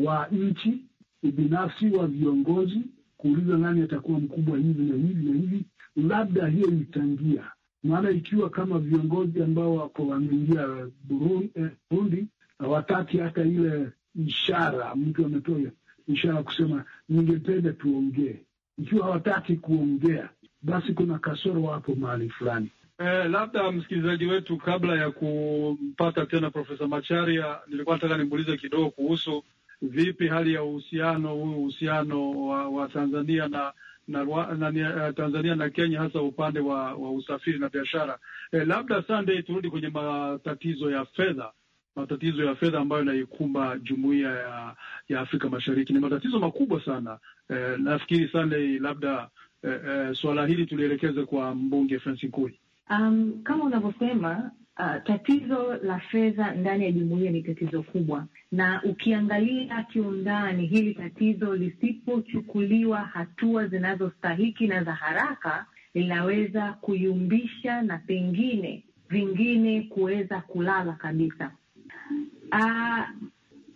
wa nchi, ubinafsi wa viongozi kuuliza nani atakuwa mkubwa hivi na hivi na hivi, labda hiyo itangia maana ikiwa kama viongozi ambao wako wameingia Burundi, eh, Burundi hawataki hata ile ishara. Mtu ametoa ishara kusema ningependa tuongee. Ikiwa hawataki kuongea, basi kuna kasoro hapo mahali fulani. Eh, labda msikilizaji wetu, kabla ya kumpata tena Profesa Macharia, nilikuwa nataka nimuulize kidogo kuhusu vipi hali ya uhusiano huu uhusiano wa, wa Tanzania na na, na eh, Tanzania na Kenya hasa upande wa, wa usafiri na biashara. Eh, labda Sunday turudi kwenye matatizo ya fedha matatizo ya fedha ambayo inaikumba jumuiya ya, ya Afrika Mashariki ni matatizo makubwa sana. E, nafikiri sana labda e, eh, e, eh, suala hili tulielekeze kwa mbunge Francis Nkuli. Um, kama unavyosema uh, tatizo la fedha ndani ya jumuiya ni tatizo kubwa, na ukiangalia kiundani hili tatizo lisipochukuliwa hatua zinazostahiki na za haraka linaweza kuyumbisha na pengine vingine kuweza kulala kabisa. Uh,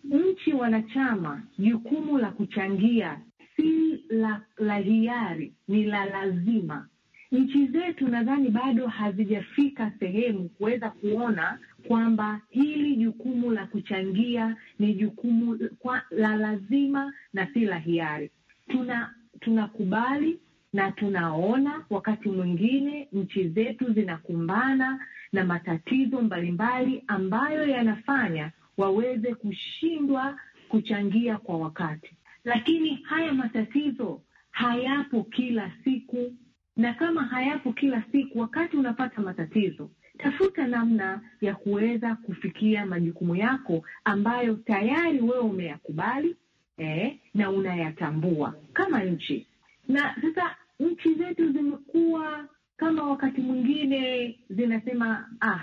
nchi wanachama jukumu la kuchangia si la, la hiari, ni la lazima. Nchi zetu nadhani bado hazijafika sehemu kuweza kuona kwamba hili jukumu la kuchangia ni jukumu kwa, la lazima na si la hiari. Tuna tunakubali na tunaona wakati mwingine nchi zetu zinakumbana na matatizo mbalimbali ambayo yanafanya waweze kushindwa kuchangia kwa wakati. Lakini haya matatizo hayapo kila siku, na kama hayapo kila siku, wakati unapata matatizo, tafuta namna ya kuweza kufikia majukumu yako ambayo tayari wewe umeyakubali eh, na unayatambua kama nchi. Na sasa nchi zetu zimekuwa kama wakati mwingine zinasema ah,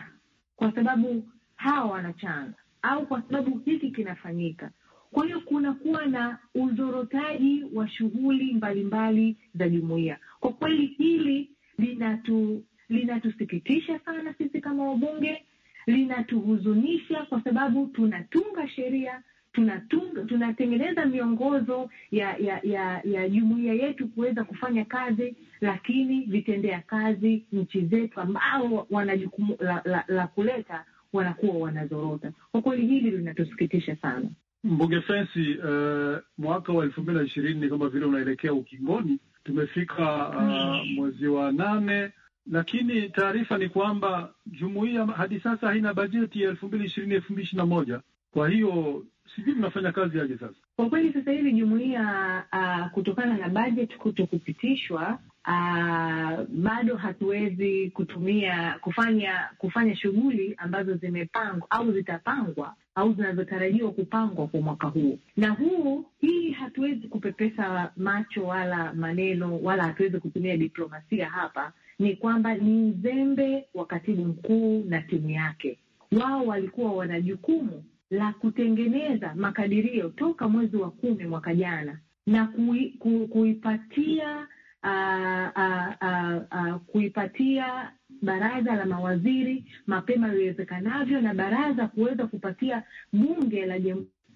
kwa sababu hawa wanachanga au kwa sababu hiki kinafanyika. Kwa hiyo kunakuwa na uzorotaji wa shughuli mbalimbali za jumuiya. Kwa kweli hili linatu linatusikitisha sana sisi kama wabunge, linatuhuzunisha kwa sababu tunatunga sheria tunatunga, tunatengeneza miongozo ya ya ya, ya jumuiya yetu kuweza kufanya kazi, lakini vitendea kazi nchi zetu ambao wana jukumu la, la, la kuleta wanakuwa wanazorota. Kwa kweli hili linatusikitisha sana. Mbuge Fensi, uh, mwaka wa elfu mbili na ishirini ni kama vile unaelekea ukingoni. Tumefika uh, mwezi wa nane, lakini taarifa ni kwamba jumuiya hadi sasa haina bajeti ya elfu mbili ishirini elfu mbili ishirini na moja. Kwa hiyo sijui mnafanya kazi aje sasa? Kwa kweli sasa hivi jumuiya uh, kutokana na bajeti kuto kupitishwa Uh, ah, bado hatuwezi kutumia kufanya kufanya shughuli ambazo zimepangwa au zitapangwa au zinazotarajiwa kupangwa kwa mwaka huu na huu. Hii hatuwezi kupepesa macho wala maneno wala hatuwezi kutumia diplomasia hapa. Ni kwamba ni mzembe wa katibu mkuu na timu yake. Wao walikuwa wana jukumu la kutengeneza makadirio toka mwezi wa kumi mwaka jana na kui, ku, kuipatia uh, uh, uh, uh, kuipatia baraza la mawaziri mapema iwezekanavyo na baraza kuweza kupatia bunge la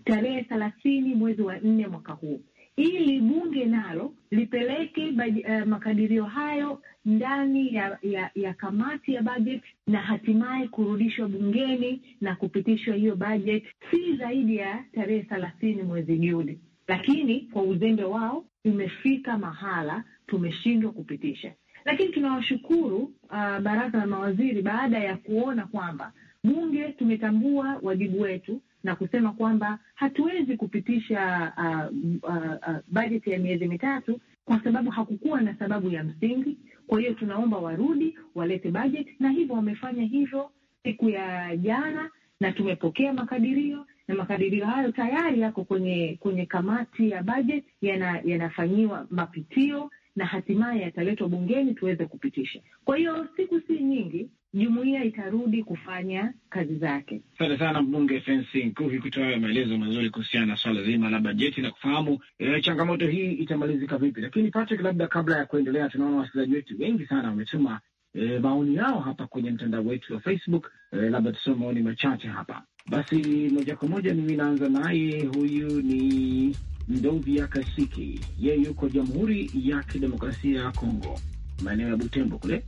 tarehe thelathini mwezi wa nne mwaka huu ili bunge nalo lipeleke uh, makadirio hayo ndani ya, ya, ya kamati ya bajeti na hatimaye kurudishwa bungeni na kupitishwa hiyo bajeti si zaidi ya tarehe thelathini mwezi Juni. Lakini kwa uzembe wao imefika mahala tumeshindwa kupitisha, lakini tunawashukuru uh, baraza la mawaziri baada ya kuona kwamba bunge tumetambua wajibu wetu na kusema kwamba hatuwezi kupitisha uh, uh, uh, bajeti ya miezi mitatu kwa sababu hakukuwa na sababu ya msingi. Kwa hiyo tunaomba warudi walete bajeti, na hivyo wamefanya hivyo siku ya jana, na tumepokea makadirio na makadirio hayo tayari yako kwenye kwenye kamati ya bajeti, yanafanyiwa yana mapitio na hatimaye yataletwa bungeni tuweze kupitisha. Kwa hiyo siku si nyingi jumuiya itarudi kufanya kazi zake. Asante sana mbunge Fensi Nkuvi kutoa hayo maelezo mazuri kuhusiana na swala zima la bajeti na kufahamu e, changamoto hii itamalizika vipi. Lakini Patrick, labda kabla ya kuendelea, tunaona wasikilizaji wetu wengi sana wametuma e, maoni yao hapa kwenye mtandao wetu wa Facebook. E, labda tusome maoni machache hapa basi. Moja kwa moja mimi naanza naye, huyu ni Mdovya Kasiki, yeye yuko Jamhuri ya Kidemokrasia ya Kongo, maeneo ya Butembo kule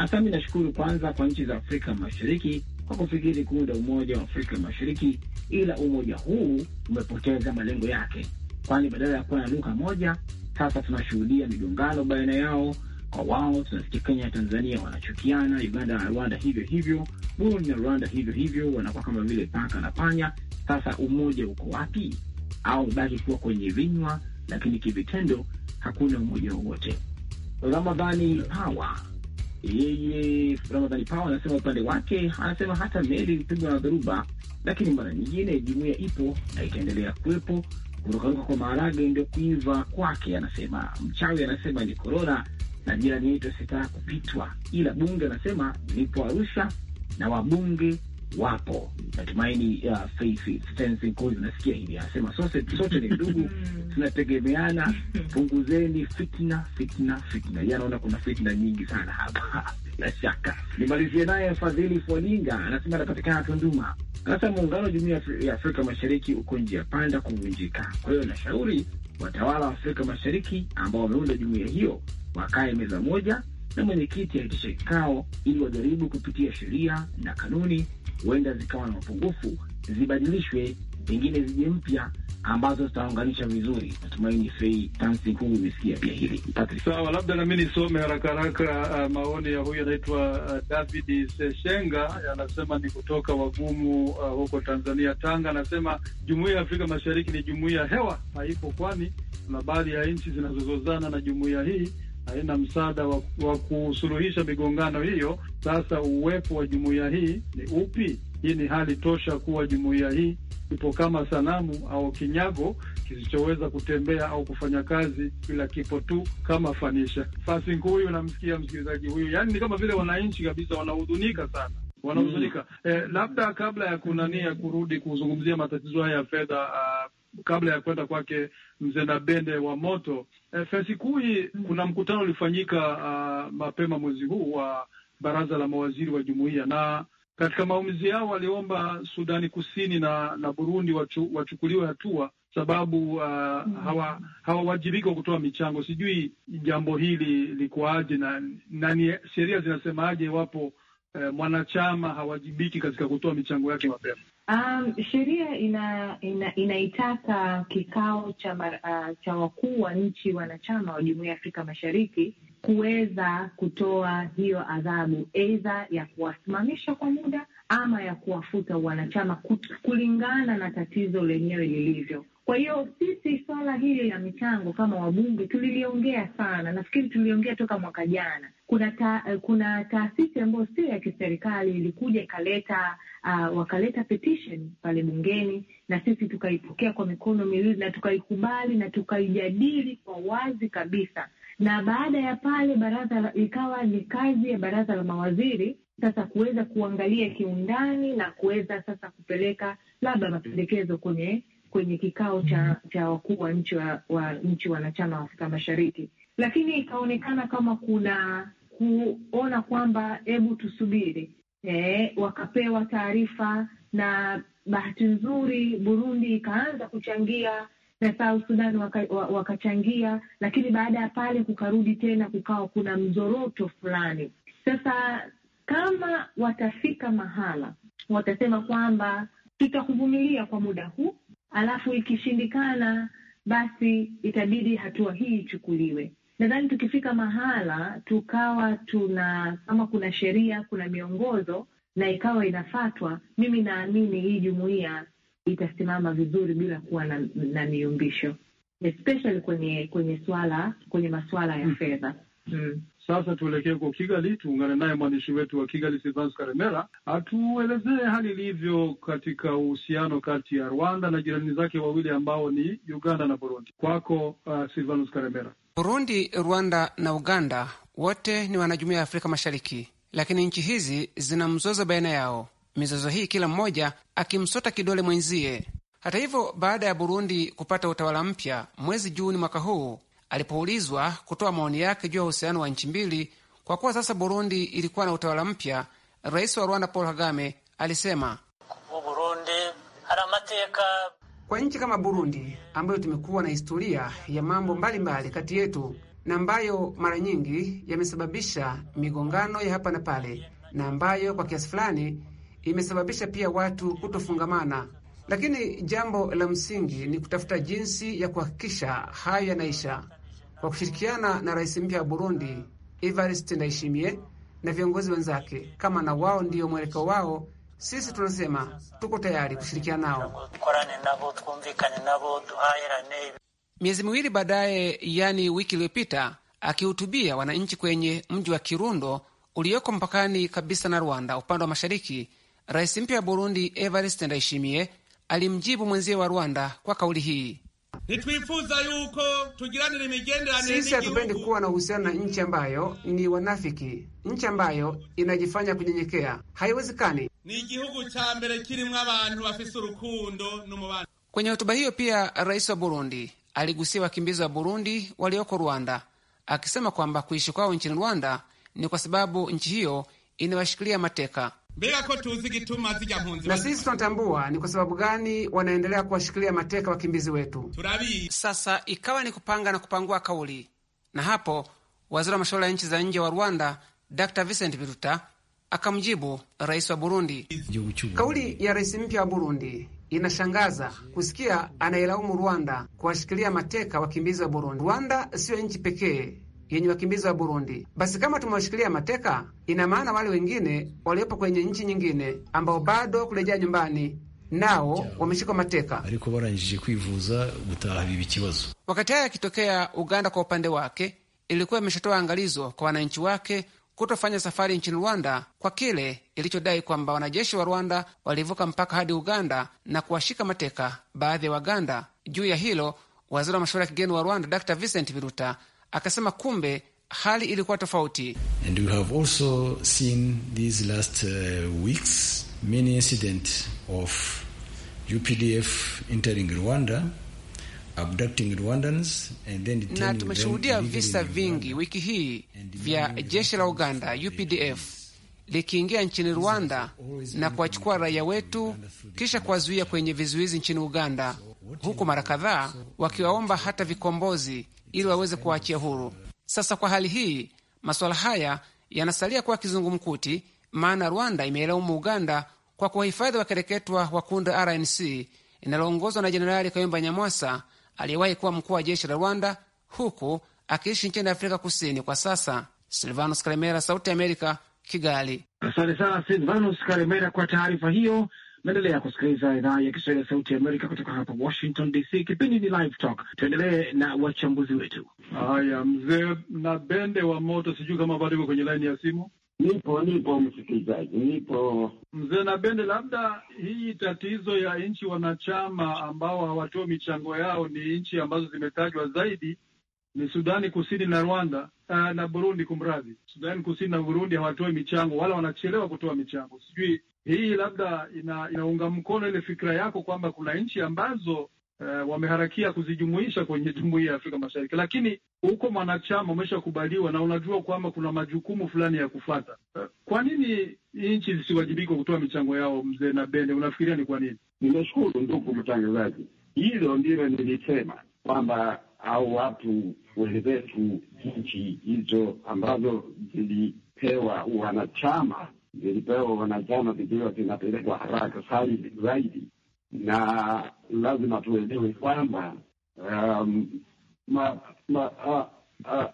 Hasa mi nashukuru kwanza kwa nchi za Afrika Mashariki kwa kufikiri kuunda Umoja wa Afrika Mashariki, ila umoja huu umepoteza malengo yake, kwani badala ya kuwa na lugha moja, sasa tunashuhudia migongano baina yao kwa wao. Tunasikia Kenya na Tanzania wanachukiana, Uganda na Rwanda hivyo hivyo, Burundi na Rwanda hivyo hivyo, wanakuwa kama vile paka na panya. Sasa umoja uko wapi? Au baki kuwa kwenye vinywa, lakini kivitendo hakuna umoja wowote. Ramadhani Hawa yeye Ramadhani Pao anasema upande wake, anasema hata meli ilipigwa na dhoruba, lakini mara nyingine jumuiya ipo na itaendelea kuwepo. Kurukaruka kwa maharage ndio kuiva kwake, anasema mchawi, anasema ni korona na jirani yetu asitaka kupitwa, ila bunge anasema nipo Arusha na wabunge wapo natumaini ya Faith Stearns nasikia hivi anasema sote sote ni ndugu, mm. tunategemeana, punguzeni fitna, fitna, fitna. Yeye yaani anaona kuna fitna nyingi sana hapa na shaka. Nimalizie naye Fadhili Fwalinga, anasema anapatikana Tunduma, anasema muungano wa jumuiya ya Afrika Mashariki uko njia ya panda kuvunjika. Kwa hiyo nashauri watawala wa Afrika Mashariki ambao wameunda jumuiya hiyo wakae meza moja na mwenyekiti aitishe kikao ili wajaribu kupitia sheria na kanuni huenda zikawa na mapungufu, zibadilishwe, pengine zije mpya ambazo zitaunganisha vizuri. Natumaini fei tansi kuu imesikia pia hili. Sawa, labda nami nisome haraka haraka uh, maoni ya huyu anaitwa uh, David Seshenga, anasema ni kutoka wagumu uh, huko Tanzania, Tanga. Anasema jumuiya ya Afrika Mashariki ni jumuiya hewa, haipo kwani na baadhi ya nchi zinazozozana na jumuiya hii haina msaada wa, wa kusuluhisha migongano hiyo. Sasa uwepo wa jumuiya hii ni upi? Hii ni hali tosha kuwa jumuiya hii ipo kama sanamu au kinyago kisichoweza kutembea au kufanya kazi, bila kipo tu kama fanisha. Fasi huyu namsikia msikilizaji huyu, yaani ni kama vile wananchi kabisa wanahuzunika sana wanahuzunika. Mm. Eh, labda kabla ya kunania kurudi kuzungumzia matatizo haya ya fedha uh, kabla ya kwenda kwake mzee na bende wa moto e, fesi kui kuna mkutano ulifanyika uh, mapema mwezi huu wa baraza la mawaziri wa jumuiya, na katika maamuzi yao waliomba Sudani Kusini na, na Burundi wachu, wachukuliwe hatua sababu uh, hawa hawawajibiki wa kutoa michango. Sijui jambo hili likuaje na, na ni sheria zinasemaje iwapo uh, mwanachama hawajibiki katika kutoa michango yake mapema? Um, sheria ina, ina, inaitaka kikao cha, uh, cha wakuu wa nchi wanachama wa Jumuiya ya Afrika Mashariki kuweza kutoa hiyo adhabu aidha ya kuwasimamisha kwa muda ama ya kuwafuta wanachama kulingana na tatizo lenyewe lilivyo. Kwa hiyo sisi swala hili la michango kama wabunge tuliliongea sana, nafikiri tuliongea toka mwaka jana. Kuna ta, kuna taasisi ambayo sio ya kiserikali ilikuja ikaleta uh, wakaleta petition pale bungeni, na sisi tukaipokea kwa mikono miwili na tukaikubali na tukaijadili kwa wazi kabisa, na baada ya pale baraza ikawa ni kazi ya baraza la mawaziri sasa kuweza kuangalia kiundani na kuweza sasa kupeleka labda mapendekezo kwenye kwenye kikao cha cha wakuu wa nchi wa, wa nchi wanachama wa Afrika Mashariki, lakini ikaonekana kama kuna kuona kwamba hebu tusubiri e, wakapewa taarifa na bahati nzuri Burundi ikaanza kuchangia na South Sudan waka, wakachangia, lakini baada ya pale kukarudi tena kukawa kuna mzoroto fulani. Sasa kama watafika mahala watasema kwamba tutakuvumilia kwa muda huu alafu ikishindikana, basi itabidi hatua hii ichukuliwe. Nadhani tukifika mahala tukawa tuna kama kuna sheria, kuna miongozo na ikawa inafatwa, mimi naamini hii jumuiya itasimama vizuri bila kuwa na, na miumbisho especially kwenye kwenye swala kwenye masuala ya hmm. fedha mm. Sasa tuelekee huko Kigali, tuungane naye mwandishi wetu wa Kigali, Silvanus Karemera, atuelezee hali ilivyo katika uhusiano kati ya Rwanda na jirani zake wawili ambao ni Uganda na Burundi. Kwako uh, Silvanus Karemera. Burundi, Rwanda na Uganda wote ni wanajumuiya ya Afrika Mashariki, lakini nchi hizi zina mzozo baina yao, mizozo hii kila mmoja akimsota kidole mwenzie. Hata hivyo, baada ya Burundi kupata utawala mpya mwezi Juni mwaka huu alipoulizwa kutoa maoni yake juu ya uhusiano wa nchi mbili, kwa kuwa sasa Burundi ilikuwa na utawala mpya. Rais wa Rwanda Paul Kagame alisema kwa nchi kama Burundi ambayo tumekuwa na historia ya mambo mbalimbali kati yetu na ambayo mara nyingi yamesababisha migongano ya hapa na pale na ambayo kwa kiasi fulani imesababisha pia watu kutofungamana, lakini jambo la msingi ni kutafuta jinsi ya kuhakikisha hayo yanaisha kwa kushirikiana na rais mpya wa Burundi Evariste Ndayishimiye na viongozi wenzake. Kama na wao ndiyo mwelekeo wao, sisi tunasema tuko tayari kushirikiana nao. Miezi miwili baadaye, yani wiki iliyopita, akihutubia wananchi kwenye mji wa Kirundo ulioko mpakani kabisa na Rwanda upande wa mashariki, rais mpya wa Burundi Evariste Ndayishimiye alimjibu mwenzie wa Rwanda kwa kauli hii. Nitwifuza yuko imigenderanire sisi hatupendi kuwa na uhusiano na nchi ambayo ni wanafiki, nchi ambayo inajifanya kunyenyekea. Haiwezekani. Ni igihugu cha mbere abantu urukundo Kwenye hotuba hiyo pia rais wa Burundi aligusia wakimbizi wa Burundi walioko Rwanda, akisema kwamba kuishi kwao nchini Rwanda ni kwa sababu nchi hiyo inawashikilia mateka bila ko tuzi gituma zijya mpunzi na sisi tunatambua ni kwa sababu gani wanaendelea kuwashikilia mateka wakimbizi wetu. Turabi. sasa ikawa ni kupanga na kupangua kauli, na hapo waziri wa mashauri ya nchi za nje wa Rwanda Dr Vincent Biruta akamjibu rais wa Burundi. Kauli ya rais mpya wa Burundi inashangaza kusikia, anailaumu Rwanda kuwashikilia mateka wakimbizi wa Burundi. Rwanda siyo nchi pekee yenye wakimbizi wa Burundi. Basi kama tumewashikilia mateka, ina maana wale wengine waliopo kwenye nchi nyingine ambao bado kurejea nyumbani nao wameshikwa mateka ariko barangije kwivuza gutaha Wakati haya yakitokea, Uganda kwa upande wake ilikuwa imeshatoa angalizo kwa wananchi wake kutofanya safari nchini Rwanda kwa kile ilichodai kwamba wanajeshi wa Rwanda walivuka mpaka hadi Uganda na kuwashika mateka baadhi ya Waganda. Juu ya hilo, waziri wa mashauri ya kigeni wa Rwanda Dr Vincent Biruta Akasema kumbe hali ilikuwa tofauti. And we have also seen these last uh, weeks many incident of UPDF entering Rwanda abducting Rwandans and then detaining na tumeshuhudia visa vingi wiki hii vya jeshi la Uganda UPDF likiingia nchini Rwanda na kuwachukua raia wetu kisha kuwazuia kwenye vizuizi nchini Uganda, huku mara kadhaa wakiwaomba hata vikombozi ili waweze kuwaachia huru. Sasa kwa hali hii, masuala haya yanasalia kuwa kizungumkuti, maana Rwanda imeilaumu Uganda kwa kuwahifadhi wakereketwa wa kundi RNC linaloongozwa na Jenerali Kayumba Nyamwasa aliyewahi kuwa mkuu wa jeshi la Rwanda huku akiishi nchini Afrika Kusini kwa sasa. Silvanus Karemera, Sauti ya Amerika, Kigali. Asante sana Silvanus Karemera kwa taarifa hiyo. Naendelea kusikiliza idhaa ya Kiswahili ya Sauti ya Amerika kutoka hapa Washington DC. Kipindi ni Live Talk, tuendelee na wachambuzi wetu. Haya, mzee na bende wa moto, sijui kama bado iko kwenye laini ya simu. Nipo, nipo msikilizaji, nipo mzee na bende. Labda hii tatizo ya nchi wanachama ambao hawatoa michango yao ni nchi ambazo zimetajwa zaidi ni Sudani Kusini na Rwanda eh, na Burundi. Kumradhi, Sudani Kusini na Burundi hawatoi michango wala wanachelewa kutoa michango. Sijui hii labda ina, inaunga mkono ile fikra yako kwamba kuna nchi ambazo Uh, wameharakia kuzijumuisha kwenye jumuiya ya Afrika Mashariki, lakini huko mwanachama umeshakubaliwa na unajua kwamba kuna majukumu fulani ya kufata. Uh, kwa nini nchi zisiwajibike kutoa michango yao? Mzee na Bende, unafikiria ni kwa nini? Ninashukuru ndugu mtangazaji, hilo ndilo nilisema kwamba au watu wenzetu nchi hizo ambazo zilipewa wanachama vilipewa wanachama zikiwa zinapelekwa haraka zaidi, na lazima tuelewe kwamba um, ma, ma, uh, uh,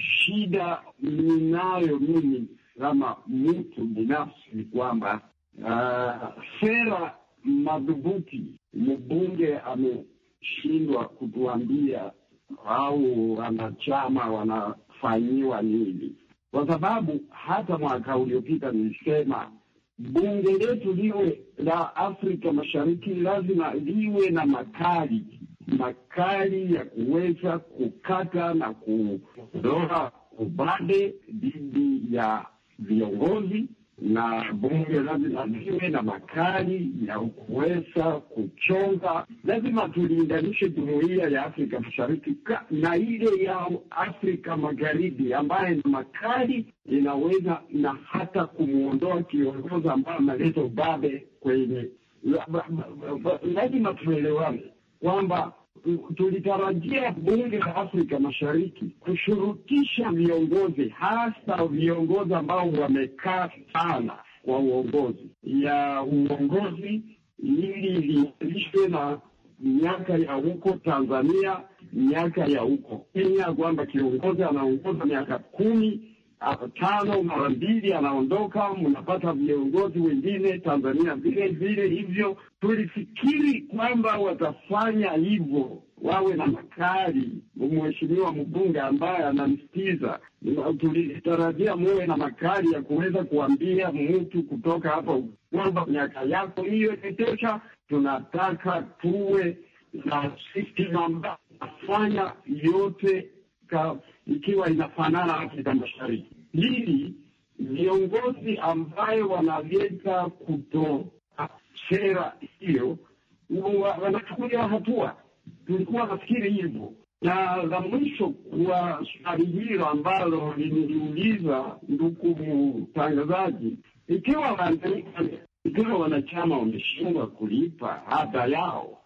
shida ninayo mimi kama mtu binafsi ni kwamba uh, sera madhubuti, mbunge ameshindwa kutuambia au wanachama wanafanyiwa nini kwa sababu hata mwaka uliopita nilisema bunge letu liwe la Afrika Mashariki lazima liwe na makali makali ya kuweza kukata na kudoa ubade dhidi ya viongozi na bunge lazima liwe na makali ya kuweza kuchonga. Lazima tuliinganishe jumuiya ya Afrika Mashariki na ile ya Afrika Magharibi ambaye na makali inaweza na hata kumwondoa kiongozi ambaye ameleta ubabe kwenye, lazima tuelewane kwamba Tulitarajia bunge la Afrika Mashariki kushurutisha viongozi, hasa viongozi ambao wamekaa sana kwa uongozi ya uongozi, ili lianzishwe na miaka ya huko Tanzania, miaka ya huko Kenya, kwamba kiongozi anaongoza miaka kumi tano mara mbili anaondoka, mnapata viongozi wengine Tanzania vile vile hivyo. Tulifikiri kwamba watafanya hivyo, wawe na makali. Mheshimiwa mbunge ambaye anamsitiza, tulitarajia muwe na makali ya kuweza kuambia mtu kutoka hapa kwamba miaka yako hiyo imetosha, tunataka tuwe na system ambayo nafanya yote ka ikiwa inafanana Afrika Mashariki. Hili viongozi ambayo wanaweza kutoa sera hiyo wanachukulia hatua, tulikuwa nafikiri hivyo. Na la mwisho kwa swali hilo ambalo liniuliza ndugu mtangazaji, ikiwa ikiwa wanachama wameshindwa kulipa ada yao,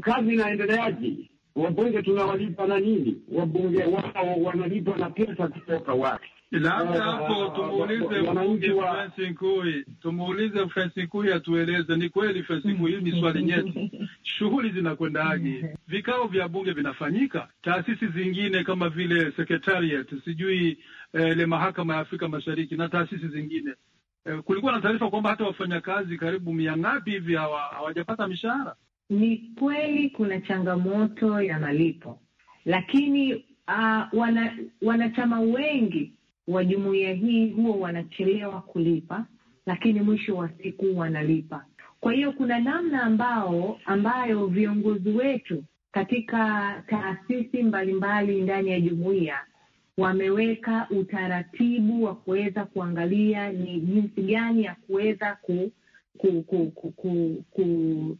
kazi inaendeleaje? wabunge tunawalipa na nini? Wabunge wao wanalipa na pesa kutoka wapi? Labda ah, hapo ah, tumuulize mbunge Francis Nkui, tumuulize Francis Nkui atueleze. Ni kweli Francis Nkui, ni swali nyeti. Shughuli zinakwendaje? Vikao vya bunge vinafanyika, taasisi zingine kama vile sekretariat, sijui eh, ile eh, mahakama ya Afrika Mashariki na taasisi zingine eh, kulikuwa na taarifa kwamba hata wafanyakazi karibu mia ngapi hivi hawajapata mishahara ni kweli kuna changamoto ya malipo, lakini uh, wana, wanachama wengi wa jumuiya hii huwa wanachelewa kulipa, lakini mwisho wa siku wanalipa. Kwa hiyo kuna namna ambao ambayo viongozi wetu katika taasisi mbalimbali ndani ya jumuiya wameweka utaratibu wa kuweza kuangalia ni jinsi gani ya kuweza ku, ku, ku, ku, ku, ku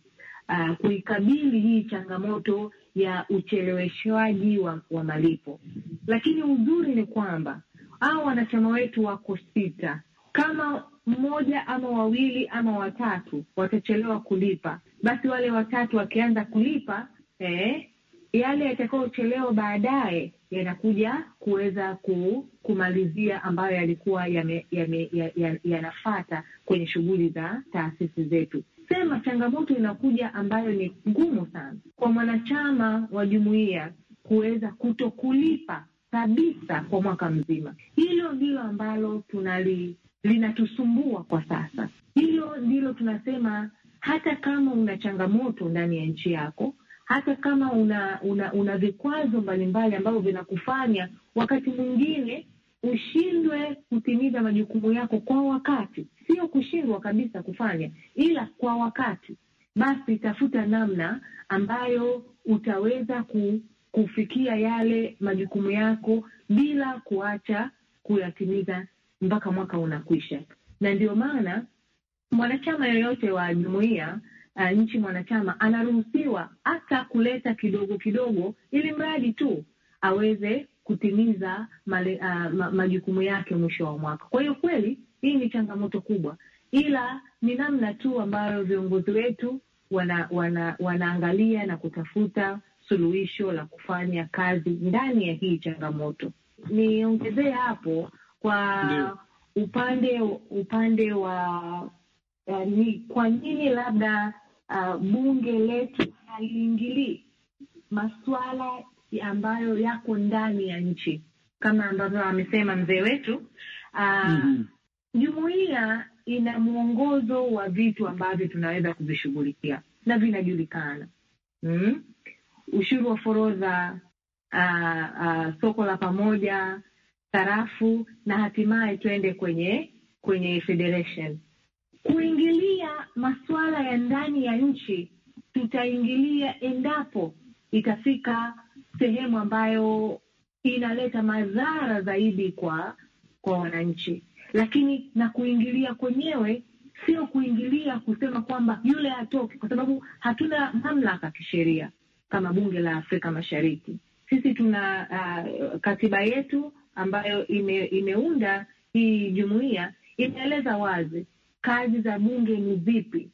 uh, kuikabili hii changamoto ya ucheleweshwaji wa, wa malipo. Lakini uzuri ni kwamba hao wanachama wetu wako sita. Kama mmoja ama wawili ama watatu watachelewa kulipa, basi wale watatu wakianza kulipa eh, yale yatakayochelewa baadaye yanakuja kuweza ku, kumalizia ambayo yalikuwa yanafata ya, ya, ya, ya, yanafata kwenye shughuli za taasisi zetu sema changamoto inakuja ambayo ni ngumu sana kwa mwanachama wa jumuiya kuweza kutokulipa kabisa kwa mwaka mzima. Hilo ndilo ambalo tunali linatusumbua kwa sasa. Hilo ndilo tunasema, hata kama una changamoto ndani ya nchi yako, hata kama una una, una vikwazo mbalimbali ambavyo vinakufanya wakati mwingine ushindwe kutimiza majukumu yako kwa wakati, sio kushindwa kabisa kufanya, ila kwa wakati, basi tafuta namna ambayo utaweza ku, kufikia yale majukumu yako bila kuacha kuyatimiza mpaka mwaka unakwisha. Na ndio maana mwanachama yoyote wa jumuiya uh, nchi mwanachama anaruhusiwa hata kuleta kidogo kidogo, ili mradi tu aweze kutimiza male, uh, majukumu yake mwisho wa mwaka. Kwa hiyo kweli hii ni changamoto kubwa, ila ni namna tu ambayo viongozi wetu wana, wana, wanaangalia na kutafuta suluhisho la kufanya kazi ndani ya hii changamoto. Niongezee hapo kwa upande upande wa uh, ni kwa nini labda uh, bunge letu haliingilii masuala ambayo yako ndani ya nchi kama ambavyo amesema mzee wetu. Uh, mm -hmm. ina mwongozo wa vitu ambavyo tunaweza kuvishughulikia na vinajulikana mm? ushuru wa forodha, ah, ah, soko la pamoja, sarafu na hatimaye tuende kwenye kwenye federation. Kuingilia masuala ya ndani ya nchi tutaingilia endapo itafika sehemu ambayo inaleta madhara zaidi kwa kwa wananchi, lakini na kuingilia kwenyewe sio kuingilia kusema kwamba yule atoke kwa sababu hatuna mamlaka kisheria kama bunge la Afrika Mashariki. Sisi tuna uh, katiba yetu ambayo ime, imeunda hii jumuiya inaeleza wazi kazi za bunge ni zipi,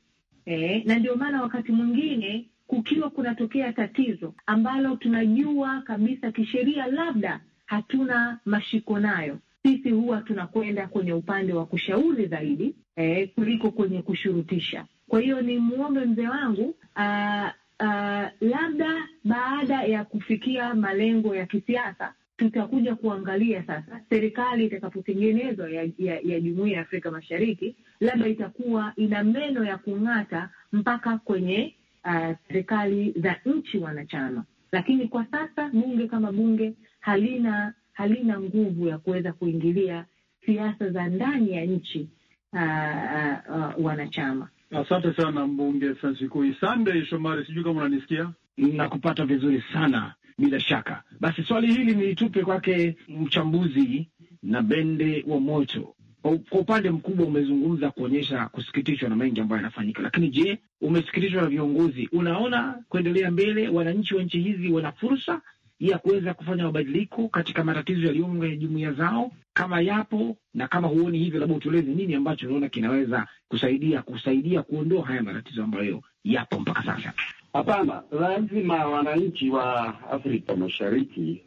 eh, na ndio maana wakati mwingine kukiwa kunatokea tatizo ambalo tunajua kabisa kisheria labda hatuna mashiko nayo, sisi huwa tunakwenda kwenye upande wa kushauri zaidi eh, kuliko kwenye kushurutisha. Kwa hiyo ni mwombe mzee wangu aa, Uh, ah, labda baada ya kufikia malengo ya kisiasa tutakuja kuangalia sasa, serikali itakapotengenezwa ya, ya, ya Jumuiya ya Afrika Mashariki, labda itakuwa ina meno ya kung'ata mpaka kwenye uh, serikali za nchi wanachama, lakini kwa sasa bunge kama bunge halina halina nguvu ya kuweza kuingilia siasa za ndani ya nchi uh, uh, uh, wanachama. Asante sana mbunge Sansikui Sunday Shomari, sijui kama unanisikia na kupata vizuri sana bila shaka. Basi swali hili nilitupe kwake mchambuzi na bende wa moto kwa upande mkubwa umezungumza kuonyesha kusikitishwa na mengi ambayo yanafanyika, lakini je, umesikitishwa na viongozi? Unaona kuendelea mbele, wananchi wa nchi hizi wana fursa ya kuweza kufanya mabadiliko katika matatizo yaliyomo kwenye jumuiya zao kama yapo, na kama huoni hivyo, labda utueleze nini ambacho unaona kinaweza kusaidia kusaidia kuondoa haya matatizo ambayo yapo mpaka sasa. Hapana, lazima wananchi wa Afrika Mashariki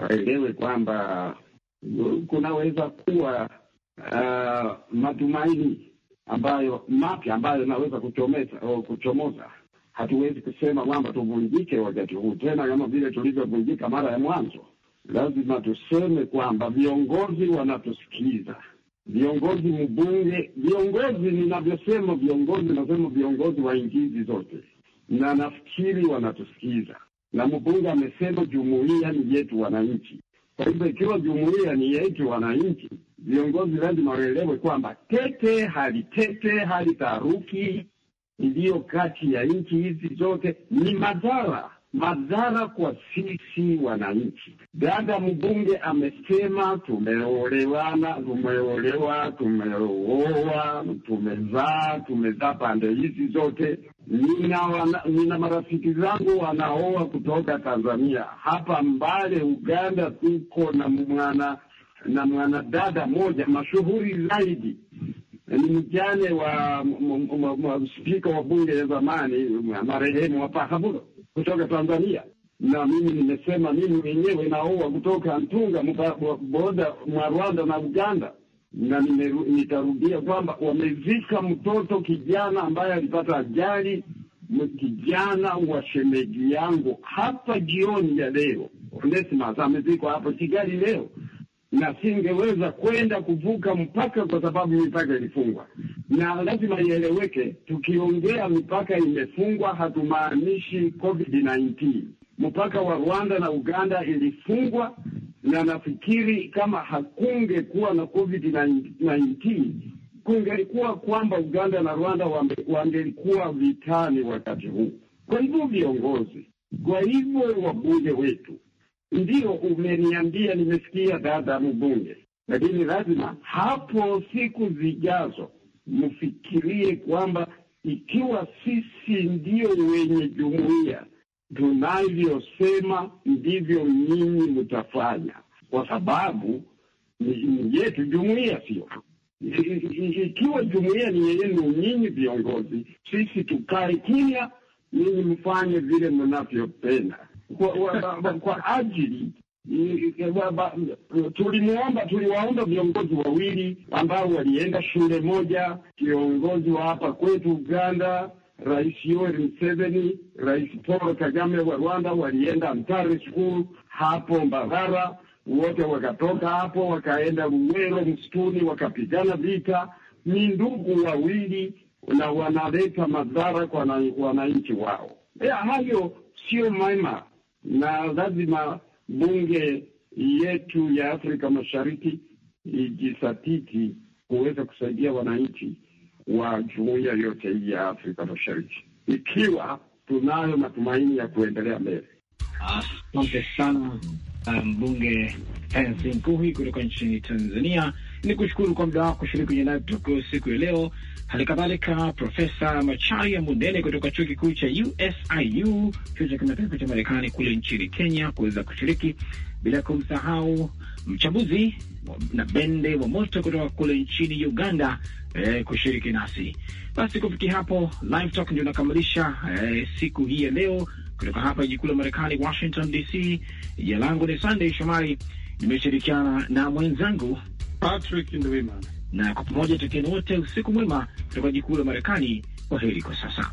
waelewe kwamba kunaweza kuwa Eh, matumaini ambayo mapya ambayo yanaweza kuchomeza eh, kuchomoza. Hatuwezi kusema kwamba tuvunjike wakati huu tena kama vile tulivyovunjika mara ya mwanzo. Lazima tuseme kwamba viongozi wanatusikiliza, viongozi mbunge, viongozi ninavyosema, viongozi nasema viongozi wa ingizi zote, na nafikiri wanatusikiliza, na mbunge amesema jumuiya ni yetu wananchi. Kwa hivyo ikiwa jumuiya ni yetu wananchi, viongozi lazima waelewe kwamba tete hali tete hali taharuki iliyo kati ya nchi hizi zote ni madhara madhara kwa sisi wananchi. Dada mbunge amesema tumeolewana, tumeolewa, tumeoa, tumezaa, tumezaa pande hizi zote. Nina, wana, nina marafiki zangu wanaoa kutoka Tanzania hapa Mbale, Uganda, tuko na mwana na mwanadada moja mashuhuri zaidi ni mjane wa spika wa bunge ya zamani marehemu Pahabulo kutoka Tanzania, na mimi nimesema mimi mwenyewe naoa kutoka Ntunga boda mwa Rwanda na Uganda, na nitarudia kwamba wamezika mtoto kijana ambaye alipata ajali, kijana wa shemeji yangu hapa jioni ya leo. Onesmas amezikwa hapo Kigali leo na singeweza kwenda kuvuka mpaka kwa sababu mipaka ilifungwa. Na lazima ieleweke, tukiongea mipaka imefungwa hatumaanishi COVID-19. Mpaka wa Rwanda na Uganda ilifungwa, na nafikiri kama hakungekuwa na COVID-19 kungelikuwa kwamba Uganda na Rwanda wangelikuwa vitani wakati huu. Kwa hivyo viongozi, kwa hivyo wabunge wetu ndio umeniambia, nimesikia dada mbunge, lakini lazima hapo siku zijazo mfikirie kwamba ikiwa sisi ndio wenye jumuiya tunavyosema ndivyo nyinyi mtafanya, kwa sababu ni yetu jumuiya, sio ikiwa jumuiya ni yenu nyinyi viongozi, sisi tukae kimya, nyinyi mfanye vile mnavyopenda kwa, kwa ajili eh, tulimuomba tuliwaomba viongozi wawili ambao walienda shule moja, kiongozi wa hapa kwetu Uganda, Rais Yoweri Museveni, Rais Paul Kagame wa Rwanda walienda Mtare School hapo Mbarara, wote wakatoka hapo wakaenda Luwero msituni wakapigana vita. Ni ndugu wawili na wanaleta madhara kwa wananchi wao. Ya, hayo sio mema na lazima bunge yetu ya Afrika Mashariki ijisatiti kuweza kusaidia wananchi wa jumuiya yote hii ya Afrika Mashariki, ikiwa tunayo matumaini ya kuendelea mbele. Asante sana mbunge um, Nkuhi kutoka nchini Tanzania ni kushukuru kwa muda wako kushiriki kwenye live talk siku ya leo. Hali kadhalika Profesa Macharia Mundene kutoka chuo kikuu cha USIU, chuo cha kimataifa cha Marekani kule nchini Kenya, kuweza kushiriki, bila kumsahau mchambuzi na Bende wa Moto kutoka kule nchini Uganda eh, kushiriki nasi. Basi kufikia hapo, live talk ndio nakamilisha eh, siku hii ya leo kutoka hapa jiji kuu la Marekani, Washington DC. Jina langu ni Sunday Shomari, nimeshirikiana na mwenzangu Patrick Ndwimana, na kwa pamoja tukieni wote usiku mwema kutoka jikuu la Marekani. Kwa heri kwa sasa.